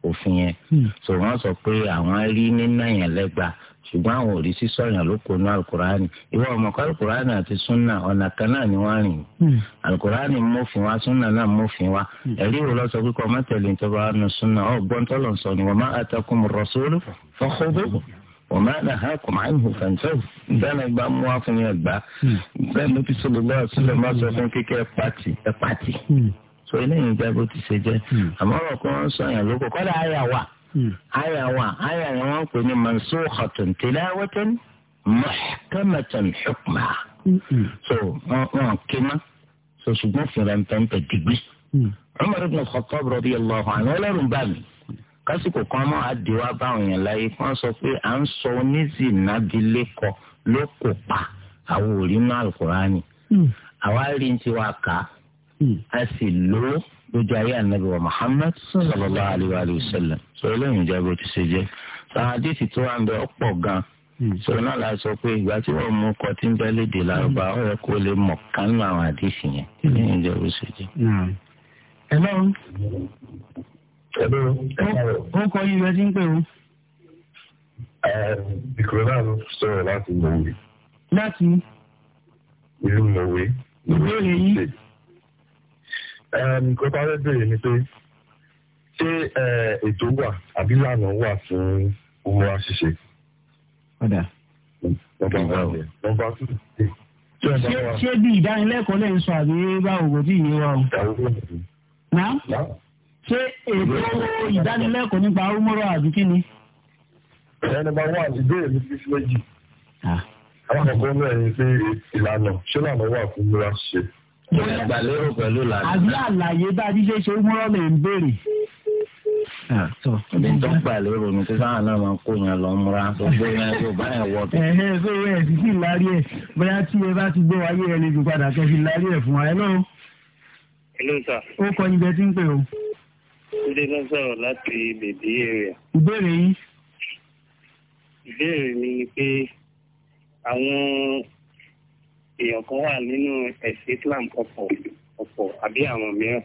òfin yẹn hmm. sọ wọn sọ pé àwọn rí nínà yẹn lẹ́gbàá ṣùgbọ́n àwọn òrí sísọ yẹn ló kó ní alukurani ìwọ ọmọkọ alukurani àti sunna ọ̀nà kan náà ni wọ́n rìn hmm. alukurani mọ́fin wa sunna náà mọ́fin wa hmm. ẹ̀rí wo lọ sọ pé kọ́ mọ́tẹ̀lẹ́ ìtọ́ba wa nù sunna ọ̀gbọ́n tọ́lọ̀ sọ ni wọ́n má àtàkùn rọ̀ sóòlù fọ́kọ́ bẹ́ẹ̀. وما نهاكم عنه فانسوا دانك بقى مواطنيات بقى بقى النبي صلى الله عليه وسلم ما سوفين كيك اباتي اباتي سو اينا ان جابو اما وكو انسان يلوكو قال ايا وا ايا وا ايا وا كون منسوخة تلاوة محكمة حكمة سو اه اه كما سو سبنا فرانتان تجيبي عمر بن الخطاب رضي الله عنه ولا رمبالي kásìkò kan mọ́ àdéhùn abáwọn èèyàn láyé kí wọ́n sọ pé à ń sọ oníṣìnàbílẹ̀kọ ló kò pa àwọn òrìnnà alukurani hmm. àwa rí ní tiwa ká hmm. a sì lò ó lójú ayé anabi wa muhammad sallallahu alayhi wa sallam sọ̀rọ̀ lẹ́yìn ìjà bó ti ṣe jẹ́ sàwọn àdéhùn tó wà ń bẹ ọ̀pọ̀ gan hmm. sọ̀rọ̀ náà la sọ pé ìgbà tí wọ́n mú kọ́ tí ń bẹ léde làrúbá ó yẹ kó lè mọ̀ kánú àwọn àdéhùn yẹn lẹ́yìn ìjà bó ṣe jẹ́. ẹ lọ́run ó kọ yín rẹ sí ń pè o. ìkùrẹ́ náà ló sọ̀rọ̀ láti mọ̀wé. láti. ìlú mọ̀wé. ìbéèrè yìí. nǹkan tó fẹ́ bèrè ni pé ṣé ètò wà àbí lànà wà fún owó àṣìṣe. ọ̀dà. nọ́mbà tù ṣé bí ìdánilẹ́kọ̀ọ́ lẹ́yìn sọ àbí báwo kò tí ì yé wa o ṣé ètò ìdánilẹ́kọ̀ọ́ nípa arúmọ́rọ́ àbí kí ni. ẹni bá wà ní bẹ́ẹ̀ ní fífi méjì. alákọ̀ọ́kọ́ náà ni pé ìlànà ṣé lànà wà fún mi láti ṣe. ìgbàlérò pẹ̀lú lànà. àbí àlàyé bá a ti ṣe ṣe arúmọ́rọ́ lè ń béèrè ní ah, tó gbà lérò ní tí sáà náà máa kó yẹn lọ múra tó gbé yẹn tó bá yẹn wọ. ẹ̀hẹ́ ṣé ìwé ẹ̀sìn sì lárí ẹ̀ bóyá tí ẹ bá ti gbé wáyé ẹ lè jù padà kẹ́ fi ẹ̀ fún wa ẹ lọ́wọ́. sà. ó kọ́ ibẹ̀ tí ń pè o. Túndé ló sọ̀rọ̀ láti bèbí area. Ìbéèrè yìí. Ìbéèrè mi ni pé àwọn èèyàn kan wà nínú ẹ̀sìn Islam ọ̀pọ̀ ọ̀pọ̀ àbí àwọn mìíràn.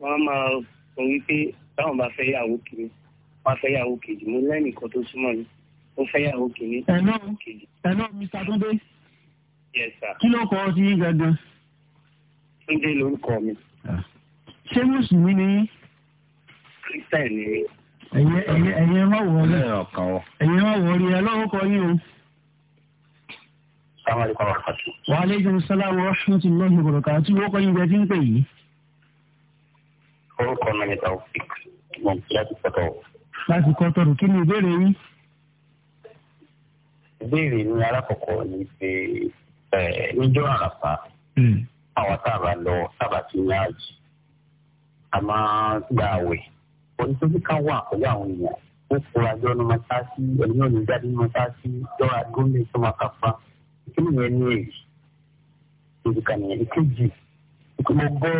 Wọ́n á máa sọ wípé táwọn bá fẹ́ yàwó kìíní, wọ́n á fẹ́ yàwó kejì. Mo lẹ́nìkan tó súnmọ́ ni, ó fẹ́ yàwó kìíní. Ẹ̀nà ẹ̀nà Mr. Túndé. Yes sir. Kí ló kọ́ ọ sí gangan? Túndé lórúkọ mi. Ah ṣé mùsùlùmí ni. kírísítẹ̀ ni. ẹ̀yẹ ẹ̀yẹ ẹ̀yẹ má wọ̀ ọ́ ẹ̀yẹ má wọ̀ ọ́ rí ẹ lọ́wọ́ kọ yín o. wa aleykum salaam wa rahmatulahi wa barakatuh wọ́n kọ́ yín bẹ́ẹ̀ tí ń pè yìí. orúkọ mi ni taofik mo ń láti kọ́tọ̀. láti kọ́tọ̀ rò kí ni ìbéèrè yín. ìbéèrè mi alákọ̀ọ́kọ́ ni pé níjọ́ àràpá hmm. àwọn tábà lọ tábà ti ní àjì a máa gba àwẹ̀ oníṣòwò kan wà pẹ̀lú àwọn èèyàn ó fura jọ ní mọ́tàásí ẹ̀yìn òní jáde ní mọ́tàásí lọ́wọ́ gómìnà tó máa kápá ìkíni yẹn ní èyí èyí kan nìyẹn ìkejì mo gbọ́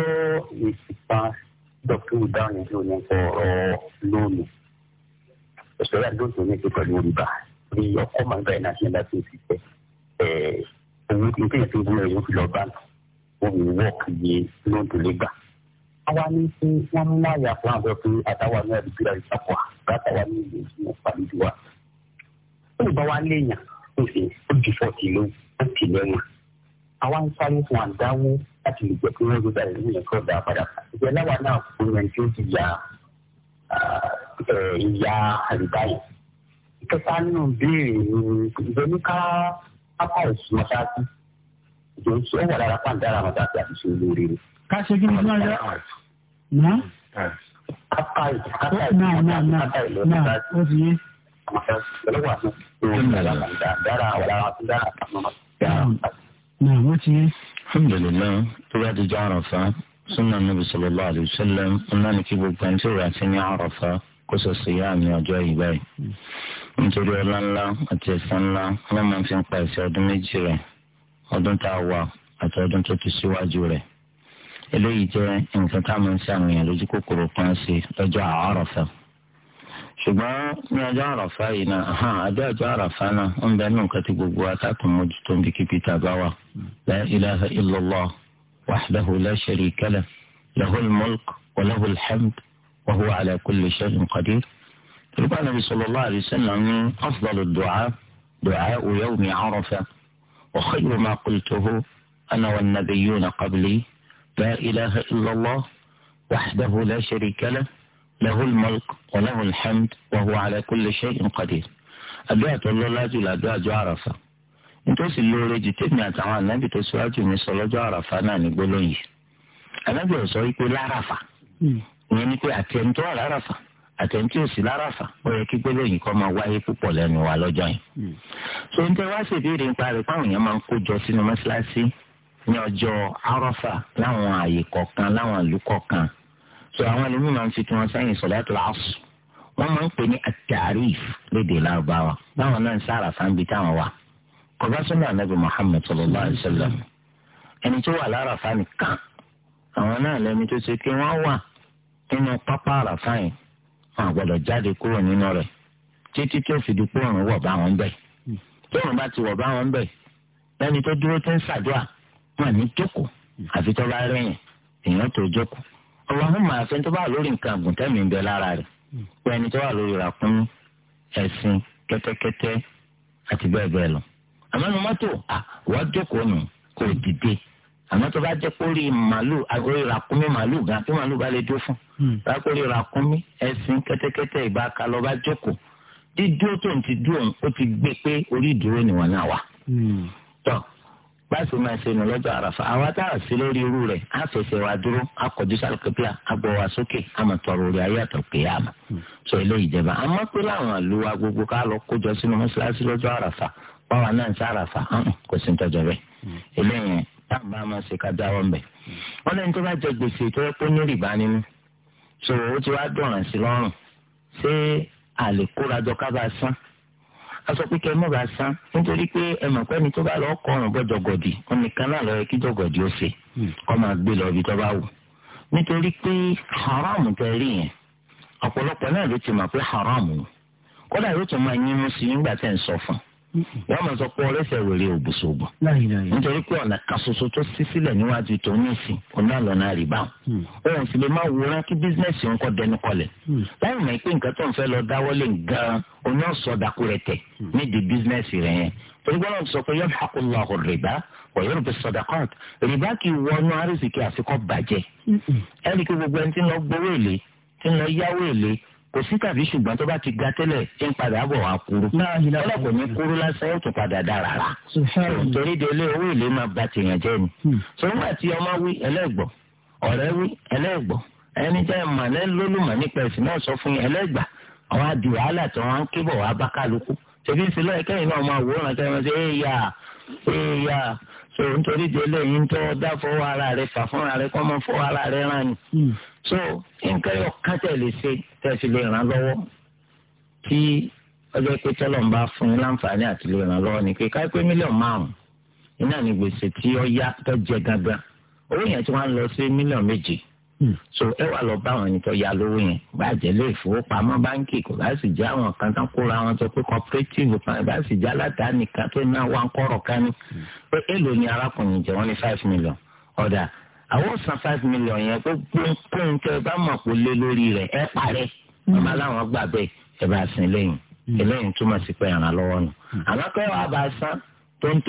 èsì pa dọ́kítà ìdáhùn ìlú ní ọ̀rọ̀ lónìí òṣèré àdóso ní ti pẹ̀lú olùbá ní ọkọ̀ máa ń bẹ̀rẹ̀ náà ṣe ń bá tó ti tẹ̀ ẹ̀ owó nítorí tó ń gbé ẹ̀yọ́ fi lọ́ọ́ bá wọn wọ́ọ̀kì yìí lóńtò lé gbà àwa ní ṣe wọ́n mú láyà fún àwọn pé àtàwọn ní àdúgbò ìsàkọ̀ àtàwọn ní ìlú ìsìnkú pàdéjù wa. ó lè bá wa léèyàn ó sì ó di fọ́ọ̀tì ló ó ti lẹ́wọ̀n. àwa ń sáré fún àdáwó láti lè jẹ́ pé wọ́n gbé bàrẹ̀ nínú ẹ̀kọ́ ọ̀dà padà. ìjẹ́ láwa náà kò yẹn tí ó ti ya ìyá àrídá yìí. ìkẹta nínú béèrè ìjọba ká apá òsì mọ́ṣáàtì ìjọba ó wà lára ká ṣe kí nínú ayé. náà náà náà náà ó ti yé. náà ó ti yé. alhamdulilayi tó bá ti jẹ́ àràfà sunna nabi sallallahu alayhi wa sallam nná ni kí gbogbo ẹni tó rà sí ní àràfà kó sọ sí yá ní ọjọ́ yìí báyìí nítorí ọlá ńlá àti ẹ̀san ńlá wọn máa fi ń pa ẹ̀ṣẹ̀ ọdún méjì rẹ̀ ọdún tá a wà àti ọdún tó ti síwájú rẹ̀. eléyìí jẹ́ nǹkan tá a máa ń ṣàmìyàn lójú kòkòrò kan ṣe lọ́jọ́ àárọ̀fẹ́ ṣùgbọ́n ní ọjọ́ àràfá yìí náà hàn àbí ọjọ́ àràfá náà ó ń bẹ ní nǹkan tí gbogbo akákan mojú tó ń bí kíbi tàbá wa la ilaha illallah wahdahu la sharika lah lahul mulk wa lahul hamd wa huwa ala nabi sallallahu alayhi wa sallam ní afdalu du'a du'a'u yawmi arafa wa khayru ma qultuhu ana wan nabiyyuna qabli. لا إله إلا الله وحده لا شريك له له الملك وله الحمد وهو على كل شيء قدير أدعى الله لا جل أدعى عرفة nítòsí lóore jù tèmi àtàwọn ànábì tó síwájú mi sọ lọ́jọ́ àràfà náà ní gbólóyè ànábì ò sọ wípé láràfà ìyẹn ni pé àtẹ̀ntọ́ láràfà àtẹ̀ntí òsì láràfà ó yẹ kí gbólóyè kọ́ máa wáyé púpọ̀ lẹ́nu wa lọ́jọ́ yẹn. so ń tẹ́ wá ṣèbéèrè nípa rẹ̀ páwọn èèyàn máa ń kó jọ sínú mọ́ṣáláṣí ní ọjọ́ arọ́fà láwọn ààyè kọ̀ọ̀kan láwọn ìlú kọ̀ọ̀kan so àwọn ẹlòmíì máa ń fi tiwọn sẹ́yìn sọ̀láàtì láàsù wọ́n máa ń pè ní àtàríf lédè lárúbáwá báwọn náà ń sára fáńbi táwọn wà kọ̀bá sọ́nà ànábì Muhammad sallallahu alayhi wa sallam ẹni tó wà lára fáni kan àwọn náà lẹni tó ṣe pé wọ́n wà nínú pápá àràfá yẹn wọn àgbọ̀dọ̀ jáde kúrò nínú rẹ̀ títí tó fi di pé òun wọ̀ bá tó òun bá ti wọ̀ bá wọn lẹ́ni tó dúró tó ń ṣàdúrà wọn ní jókòó àfi tó bá rẹ̀yìn èèyàn tó jókòó Allahumma àfẹn tó bá wà lórí nǹkan àgùntàn mi ń bẹ lára rẹ̀ pé ẹni tó wà lórí ràkúnmí ẹṣin kẹ́tẹ́kẹ́tẹ́ àti bẹ́ẹ̀ bẹ́ẹ̀ lọ àmọ́ ní mọ́tò wọ́n jókòó nù kò dìde àmọ́ tó bá jẹ́ kórè màálù àgórí ràkúnmí màálù gan tí màálù bá lè dó fún rákórè ràkúnmí ẹṣin kẹ́tẹ́kẹ́tẹ́ ìbáka lọ bá jókòó dídúró tó ń ti dúró ó ti gbé pé orí ìdúró nìwọ̀n náà wà. Hmm. báṣe máa ṣe nù lọ́jọ́ àràfà àwa tá a sí lórí irú rẹ̀ á fẹsẹ̀ wa dúró á kọjú sálùkẹ́pìlà á gbọ́ wa sókè á mọ̀ tọrọ orí ayé àtọ̀pẹ́ yá mà. sọ àmọ́ pé láwọn gbogbo ká lọ kójọ sínú mọ́ṣáláṣí lọ́jọ́ àràfà báwa náà ń sá àràfà kò sí ń bẹ́ẹ̀. táwọn bá máa ṣe ká dáwọ́ ń bẹ̀. wọ́n lẹ́ni tó bá jẹ gbèsè tó a sọ pé kẹ́ mọ̀ bá san nítorí pé ẹ mọ̀ pẹ́ni tó bá lọ kọ ọ̀ràn bọ́ jọgọ̀dì ọ̀nìkan náà lọ yẹ kí jọgọ̀dì ó ṣe hmm. kọ́ máa gbé lọ ibi tó bá wù nítorí pé haram tẹ rí yẹn ọ̀pọ̀lọpọ̀ náà ló ti mọ̀ pé haram kódà yóò tún máa yín mú sí nígbà tẹ̀ ń sọ fún un wọ́n máa sọ pé ọlẹ́sẹ̀ rere ò bùsùgbọ̀ nítorí pé ọ̀nà kan ṣoṣo tó ṣí sílẹ̀ níwájú tó ní ìsìn ọ̀nà àlọ́nà rìbá hmm. òun sì lè máa wòran kí bísíǹnẹ̀sì òun kọ́ dẹnu kọlẹ̀ hmm. láì mọ̀ pé nǹkan tó ń fẹ́ lọ dáwọ́lé gan-an oní ọ̀sọ̀dàkú rẹ̀ tẹ̀ hmm. nídìí bísíǹnẹ̀sì rẹ̀ yẹn torí gbọ́dọ̀ sọ pé yọ̀ọ́ àkọlọ́ rìbá ọ̀yọ́rọ̀ bẹ sọ̀dàkọ́t rìbá kì í wọnú àrísìkí àfikọ́ bàjẹ́ ẹnì kí gbogbo ẹni tí ń lọ gbowó èlé tí ń lọ yáwó èlé kò sí tàbí ṣùgbọ́n tó bá ti ga tẹ́lẹ̀ tí ń padà bọ̀ wá kúrú. ọlọ́ kò ní kúrú lásán yóò tún padà dára rà. torí délé owó èlé máa ba tèèyàn jẹ́ ni. Hmm. sọ́wọ́n àti ọmọ wí ẹlẹ́gbọ̀ ọ̀rẹ́ wí ẹlẹ́gbọ̀ ẹni jẹ́ màlẹ́ lólùmọ̀ nípa ẹ̀sìn náà sọ fún ẹlẹ́gbà àwọn àdì wàhálà tí wọ́n ń ké bọ̀ wá bá kálukú. tèmi ń filẹ̀ kẹ́yìn náà máa wò ó rántí ẹran sí ni. Hmm so nǹkan yóò kán tẹ̀ lè ṣe tẹ̀sí lè ràn lọ́wọ́ tí ọjọ́ pé tọ́lọ̀ ń bá fún yín láǹfààní àti lè ràn lọ́wọ́ ni pé káyọ̀ pé mílíọ̀nù márùn-ún iná ní gbèsè tí ó yá tó jẹ gangan owó yẹn tí wọ́n lọ sí mílíọ̀nù méjì hmm. so ẹ wà lọ bá àwọn ẹni tó ya lówó yẹn bá jẹ lé ìfowópamọ́ báńkì kò bá sì jẹ àwọn kan tán kóra wọn tó pé cooperative kan bá sì jẹ aládàáni kan tó náà wà ń kọ̀rọ̀ kan pé èèlò ni arákùnrin jẹ wọ́n ní five million ọ̀dà àwọn san five million yẹn kó kóńkóń tẹ ẹ bá kó lé lórí ẹ parẹ́ hmm. ọmọ aláwọn gbà bẹ́ẹ̀ ẹ bá sin lẹ́yìn hmm. eléyìí sí pé ẹ̀ràn nù hmm. àmọ́ bá san tó orí ẹ̀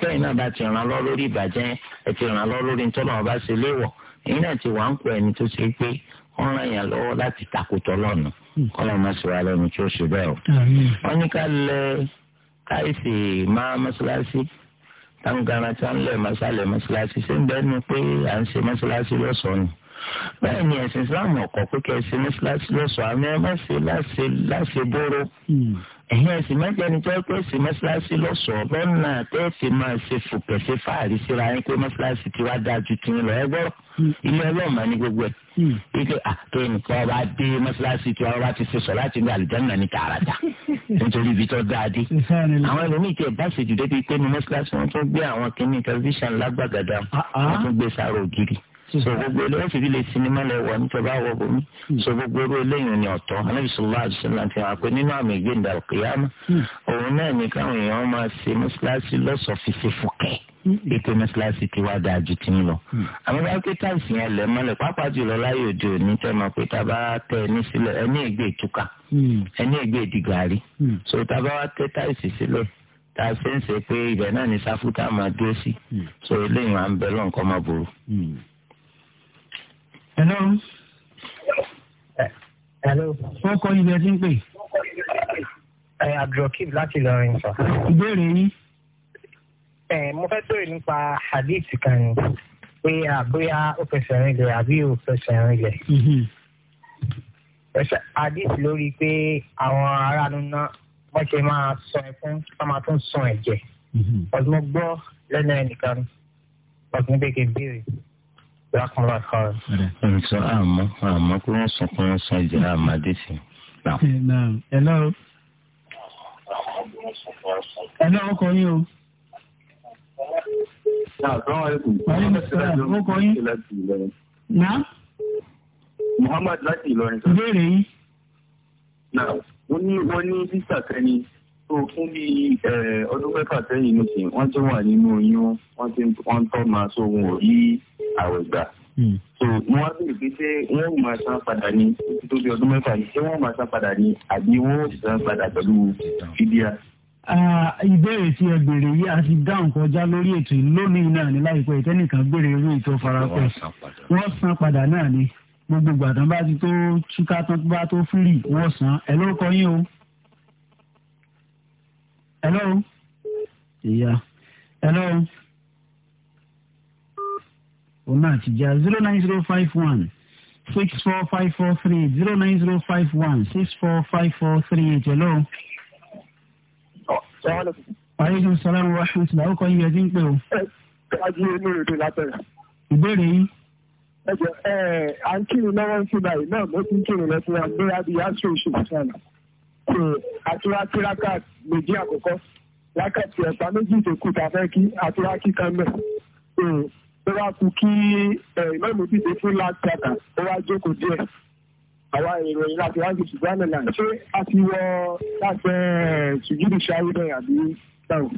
torí náà bá ti ràn lórí ẹ ti ẹni tó ṣe pé ràn yàn láti takòtò tí ó ṣe o. tangana tí wọ́n lẹ̀ mọ́sálẹ̀ mọ́sálásí ṣé ń bẹ́ẹ̀ ni pé à ń ṣe mọ́sálásí lọ́sọ̀ọ́ ni bẹ́ẹ̀ ni ẹ̀sìn Islam ọ̀kọ̀ pé kẹ́ ẹ ṣe mọ́sálásí lọ́sọ̀ọ́ àmì ẹ má ṣe láṣẹ láṣẹ bóró ẹ̀yin ẹ̀sìn mẹ́jẹ ni jẹ́ pé ẹ̀sìn mọ́ṣáláṣí lọ́sọ̀ọ́ lọ́nà tẹ́ fi máa ṣe fòkè ṣe fáàrí síra yín pé mọ́ṣáláṣí ti wá dáa ju tiyín lọ ẹ gbọ́rọ̀ hmm. ilé ọlọ́ọ̀mọ ní gbogbo ẹ̀ wípé àtọ́ nìkan ọba dé mọ́ṣáláṣí tí ọba ti ṣe sọ láti ní àlùjáná ní tààràtà nítorí ibi tó dáa dé àwọn ẹlòmíì tí ẹ bá ṣe jù débi pé ní mọ́ṣáláṣí wọn tún gbé àwọn kìnnìkan tẹlifíṣàn lágbàgàdà ah, ah. wọn tún gbé sáré ògiri so hmm. gbogbo ilé wọn fìdí lè sinimá lẹ wọ nítorí àwọ bòmí hmm. so gbogbo irú eléyìí ni ọ̀tọ̀ anábì sọlá àdìsọlá ti hàn pé nínú àmì ìgbéǹda òkèèyàn hmm. òun náà ní káwọn èèyàn máa ṣe mọ́ṣáláṣí lọ́sọ̀ọ́ fi ṣe fòkè ètò mọ́ṣáláṣí ti wá dáa ju ti ń lọ. àwọn bá pé táìsì yẹn lẹ̀ mọ́lẹ̀ pápá jùlọ láyé òde òní tẹ́ mọ̀ pé tá a bá tẹ ẹni sílẹ̀ ẹni ègbè ìtúkà ẹni ègbè ìdìgàrí so tá a bá wá tẹ táìsì sílẹ̀ tá ṣe ń ṣe pé ibẹ̀ náà ni sáfù tá a máa dúró sí so eléyìí máa ń bẹ lọ́nkọ́ máa burú hello. Eh, hello. wọ́n kọ́ ibi ẹ ti ń pè. ẹ eh, abdulrasheed láti Ìlọrin sọ. ìbéèrè yín. ẹ eh, mo fẹ́ bèrè nípa hadith kan ni pé àbóyá ó fẹsẹ̀ rìn lẹ̀ àbí ó fẹsẹ̀ rìn lẹ̀ mhm. hadith lórí pé àwọn aráàlú náà wọ́n ṣe máa sọ ẹ̀ fún wọ́n máa tún sọ ẹ̀jẹ̀ ọ̀dùnmọ́ mhm. gbọ́ lẹ́nu ẹnìkan ọ̀dùnmọ́ bẹ́ẹ̀ kì í béèrè. Ǹjẹ́ àmọ́ àmọ́ kí wọ́n sọ pé wọ́n san ìjìnlẹ̀ àmàdé sí i? Ẹ̀lọ́ ẹ̀lọ́ ọkọ yín o. Ọkọ yín. Nà. Muhammad láti Ìlọrin. Ìbéèrè yín. Nà wọ́n ní wọ́n ní sísà kan ni tó fún bí ọdún mẹ́fà sẹ́yìn nìsín wọ́n ti wà nínú oyún wọ́n ti wọ́n tọ́ máa sóhun ò rí àwẹ̀ gbà. Hmm. so wọ́n á bèrè pé ṣé wọ́n ò máa san padà ní tó bí ọdún mẹ́fà yìí ṣé wọ́n ò máa san padà ní àbí wọ́n ò san padà pẹ̀lú fídíà. ìbéèrè tí ẹ béèrè yìí a ti dáhùn kọjá lórí ètò lónìí náà ní láìpẹ́ ìtẹ́nìkan béèrè irú ètò farapẹ́ wọ́n san padà náà ni gbogbo gbàdán bá ti tó túká tó bá tó fírì wọ́n san ẹ̀ lórúkọ yín o hello Yeah. hello òun náà ti zero nine zero five one six four five four three zero nine zero five one six four five four three eight hello. aleykum salaam wa rahmatulah ó kọ́ ibi ẹtí ń ẹ jẹ́ ẹ à ń kírun lọ́wọ́ ń fi báyìí náà mo ti ń kírun lọ́sọ̀rọ̀ àgbéyàbí yasir oṣù sọ̀rọ̀ atúrákíraka hmm, méjì àkọ́kọ́ lákàtí ẹ̀ta méjì ìdókù tá a fẹ́ kí atúrákí kan mẹ́ tó bá kú kí ìmọ̀ọ́mù dìde fún lákàtà ó wá jókòó díẹ̀ àwa ìròyìn láti wá sí ṣùgbọ́n nàìjíríà ṣé a ti wọ láti ṣùgbọ́n ṣáwó náà àbí báwo.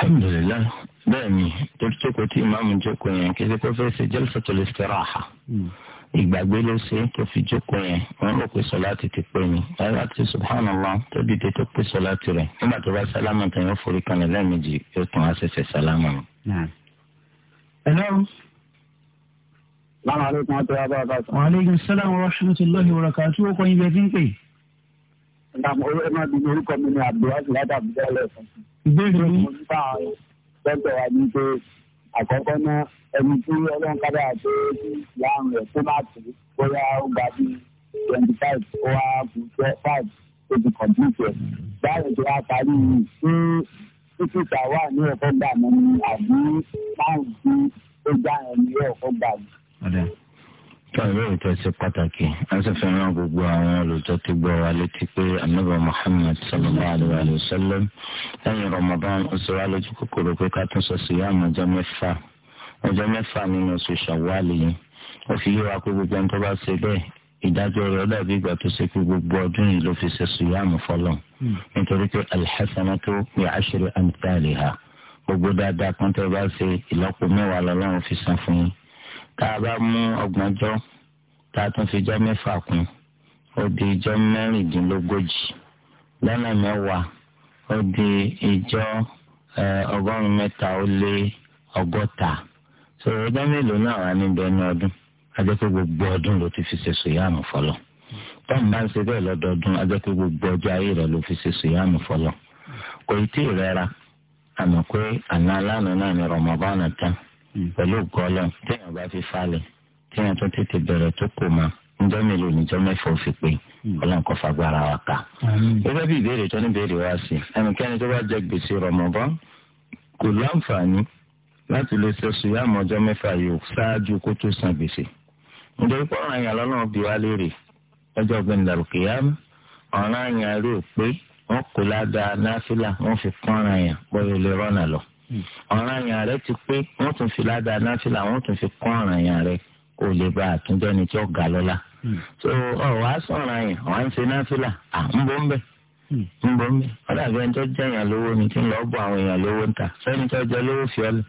alhamdulilayi bẹ́ẹ̀ ni tó jókòó tí ìmáàmù jókòó yẹn kí ẹ ti kó fẹ́ ṣe jẹ́lifásọ̀lì sẹ́ráhà ìgbàgbé ló ṣe tó fi jókòó yẹn wọn ló pe sọláàtì ti pé ni láti subhanallah tó dìde tó pe sọláàtì rẹ nígbà tó bá sálámà tó yẹn forí kanlẹ̀ lẹ́ẹ̀mejì yóò tún á ṣẹ̀ṣẹ̀ sálámà mi. ẹ̀lọ́. láwọn aleikum àti ọba ọba sọ. wa aleykum salaam wa rahmatulahi wa barakatuh ó kọ́ yín bẹ́ẹ̀ fi ń pè. ìdààmú orí ẹ̀ máa dùn orúkọ mi ni abdulhasi látàbí bẹ́ẹ̀ lẹ́sìn. ìbéèrè mi. mo ti bá àwọn àkọ́kọ́ náà ẹni tí ọlọ́run kábà pé láàrin rẹ̀ tó máa tó bóyá ó gba bí twenty five ó wá fún five tó ti complete ẹ̀ báwo ti parí yìí sí títí ìta wà ní ẹ̀kọ́ gbà mọ́ ni àbí márùn tí ó gbà ẹ̀ ní ẹ̀kọ́ gbà mọ́ tàbí ìtọ́ ṣe pàtàkì a sì fẹ́ rán gbogbo àwọn olùtọ́ tó gbọ́ wa létí pé anábà muhammed sallallahu alayhi wa sallam lẹ́yìn ramadan oṣù wa lójú kòkòrò pé ká tún sọ sí yàmù ọjọ́ mẹ́fà ọjọ́ mẹ́fà nínú oṣù ṣàwálì yìí ó fi yé wa pé gbogbo ẹni tó bá ṣe bẹ́ẹ̀ ìdájọ́ rẹ̀ ó dàbí ìgbà tó ṣe pé gbogbo ọdún yìí ló fi ṣe sí yàmù fọlọ́ hmm. nítorí pé alḥasanatu bi ashri amthaliha gbogbo dáadáa kan tó bá ṣe ìlọ́po mẹ́wàá lọ́lọ́run fi san fún yín tá a bá mú ọgbọ́njọ́ tá a tún fi jọ́ mẹ́fà kún ó di ijọ́ mẹ́rìndínlógójì lọ́nà mẹ́wàá ó di ijọ́ ọgọ́rùn-ún mẹ́ta ó lé ọgọ́ta tó ọjọ́ mélòó náà wà níbẹ̀ ní ọdún ajẹ́pẹ́ gbogbo ọdún ló ti fi ṣe sòyàmù fọlọ́ tọ́m bá ń ṣe bẹ́ẹ̀ lọ́dọọdún ajẹ́pẹ́ gbogbo ọjọ́ ayé rẹ̀ ló fi ṣe sòyàmù fọlọ́ kò tí ì rẹ́ra àmọ́ pé àná alánà náà ni rọmọbọ́nà tán pẹ̀lú gọ́lá téèyàn bá fi falẹ̀ téèyàn tó tètè bẹ̀rẹ̀ tó kò máa njọ́ mélòó níjọ́ mẹ́fà ó fi pé hmm. ọlọ́run kò fagbára wa ká. gẹ́gẹ́ bí ìbéèrè tó ní béèrè wá sí ẹnikẹ́ni tó bá jẹ gbèsè Ramadan kò láǹfààní láti lè ṣe sùyàmù ọjọ́ mẹ́fà yòó ṣáájú kó tó san gbèsè. nítorí pé ọ̀ràn yẹn lọ́nà bí wá léèrè ọjọ́ ọ̀gbìn dàrúkìyàmù ọ̀ràn yẹn rí ò wọ́n kò ládàá náfìlà wọ́n fi pọ́nra yẹn bọ́yọ̀ lè rọ́nà lọ ọ̀ràn yàn rẹ ti pé wọ́n tún fi ládàá náfìlà wọ́n tún fi kọ́ ọ̀ràn yàn rẹ kó lè bá àtúndọ́ ni tí ó ga lọ́la. Hmm. so ọ wàá sọ̀ràn yàn wàá ń ṣe náfìlà à ń bọ́ ń bẹ̀ hmm. ń bọ́ ń bẹ̀ wọ́n dàbí ẹni tó jẹ́ èèyàn lówó ni tí ń lọ́ọ́ bọ̀ àwọn èèyàn lówó ń ta sẹ́ni tó jẹ́ lówó fi ọ́ hmm.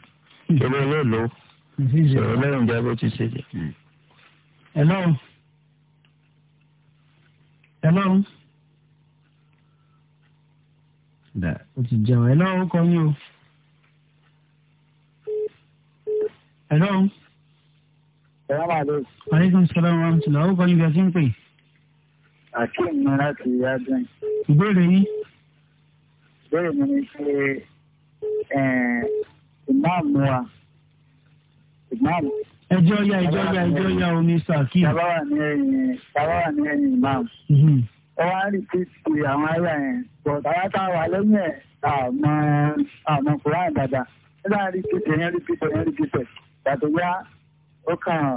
ẹ lọ́run ẹ yín o. Hello. Salaamaleykum. Aleykum salaam wa rahmatulah. Ó kọ́ni gàtí ń pè. Akeem ni láti Yadun. Ìbéèrè yín. Ìbéèrè mi ni pé ìmáàmù wa ìmáàmù. Ẹjọ́ ya ẹjọ́ ya ẹjọ́ ya omi sàkíyà. Bàbá wà ní ẹ̀yìn bàbá wà ní ẹ̀yìn ìmáàmù. Mm-hmm. Ó wá rí títí àwọn ará yẹn. Bọ̀dá tá a wà lẹ́yìn ẹ̀ àmọ́ àmọ́ Kùrán dáadáa. Ó dáa rí títí ẹ̀yìn rí títí ẹ̀yìn rí títí ẹ̀ gbàdúrà ó kàn.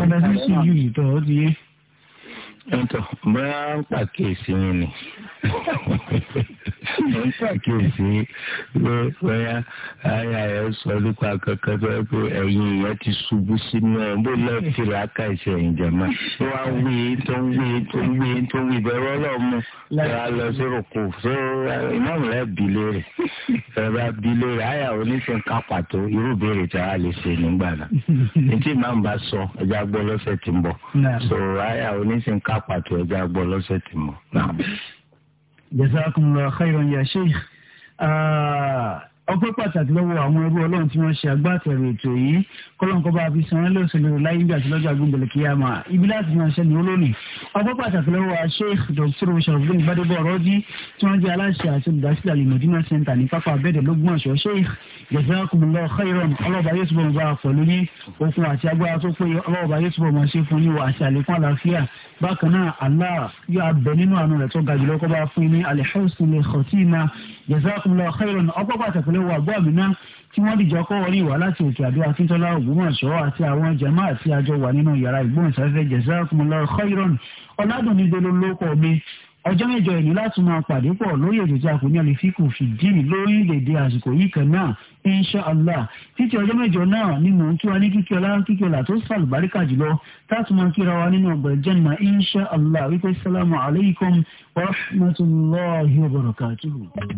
ọ̀dà ní sùúrù yìí tọ̀ ọ́ ti yé ẹ̀ńtọ́ bóyá ń pàkíyèsí mi ni mo ń pàkíyèsí pé bóyá ara ẹ̀ sọ nípa kankan tó yẹ pé ẹ̀yin ìyẹn ti ṣubú sínú ẹ̀ bó lọ́ọ́ fi làákà ìṣe ìjàmbá tó wá wí tó ń wí tó ń wí tó ń wí bẹ̀rẹ̀ ọlọ́mú lọ́wọ́ lọ sí rògbò tó ìmọ̀mù rẹ̀ bìlẹ̀ rẹ̀ ẹ̀rọ bìlẹ̀ rẹ̀ àyà oníṣẹ́ ká pàtó irú béèrè tí a lè ṣe nígbà náà ètí ìmáàmù bá sọ ẹja gbọ́ lọ́sẹ̀ tí ń bọ̀ so àyà oníṣẹ́ ká pàtó ẹja gbọ́ lọ́sẹ̀ tí mo. jazakumullahu khairan ya sheikh ah, ọpẹ́ pàtàkì lọ́wọ́ àwọn ẹrú Ọlọ́run tí wọ́n ṣe agbátẹrù ètò yìí kọlọńkọ bá fi san ẹlẹ òṣèlú láyé bí àti lọ́jọ́ agbóńgbèlè kíyàmà ibi láti yan ṣẹlẹ olónìí ọpẹ́ pàtàkì lọ́wọ́ Sheikh Dr. sharafdin gbadebo ọrọdí tí wọ́n jẹ́ aláṣẹ àti olùdásílẹ̀ alimọdínà center ní pápá abẹdẹ lọgbọmọṣọ Sheikh jazakumullahu khairan ọlọba yóò túbọ̀ bá a pẹ̀lú ní okun àti agbára tó pé ọlọba yóò túbọ̀ mọ ṣe fún yíwọ àti àlékún àlàáfíà bákan náà Allah lọ́wọ́ àgbọ̀ mi náà tí wọ́n dìjọ kọ́ orí wá láti òkè àdó akíntọ́lá ògbómọ̀ṣọ́ àti àwọn jama àti àjọ wà nínú yàrá ìgbóhùnsáfẹ́fẹ́ jazakumullahu khairan ọ̀làdùnní gbolo lóko mi ọjọ́ mẹ́jọ ẹ̀ní láti máa pàdé pọ̀ lórí èdè tí a kò ní àlefíkù fìdí lórílẹ̀‐èdè àsìkò yìí kan náà insha allah títí ọjọ́ mẹ́jọ náà ni mò ń kí wa ní kíkí ọlá kíkí ọlá tó sàlùbáríkà jùlọ táàtì máa kíra wa nínú ọgbà jẹ́nà insha allah wípé sálámù alaykum wa rahmatulahi wa barakatuhu.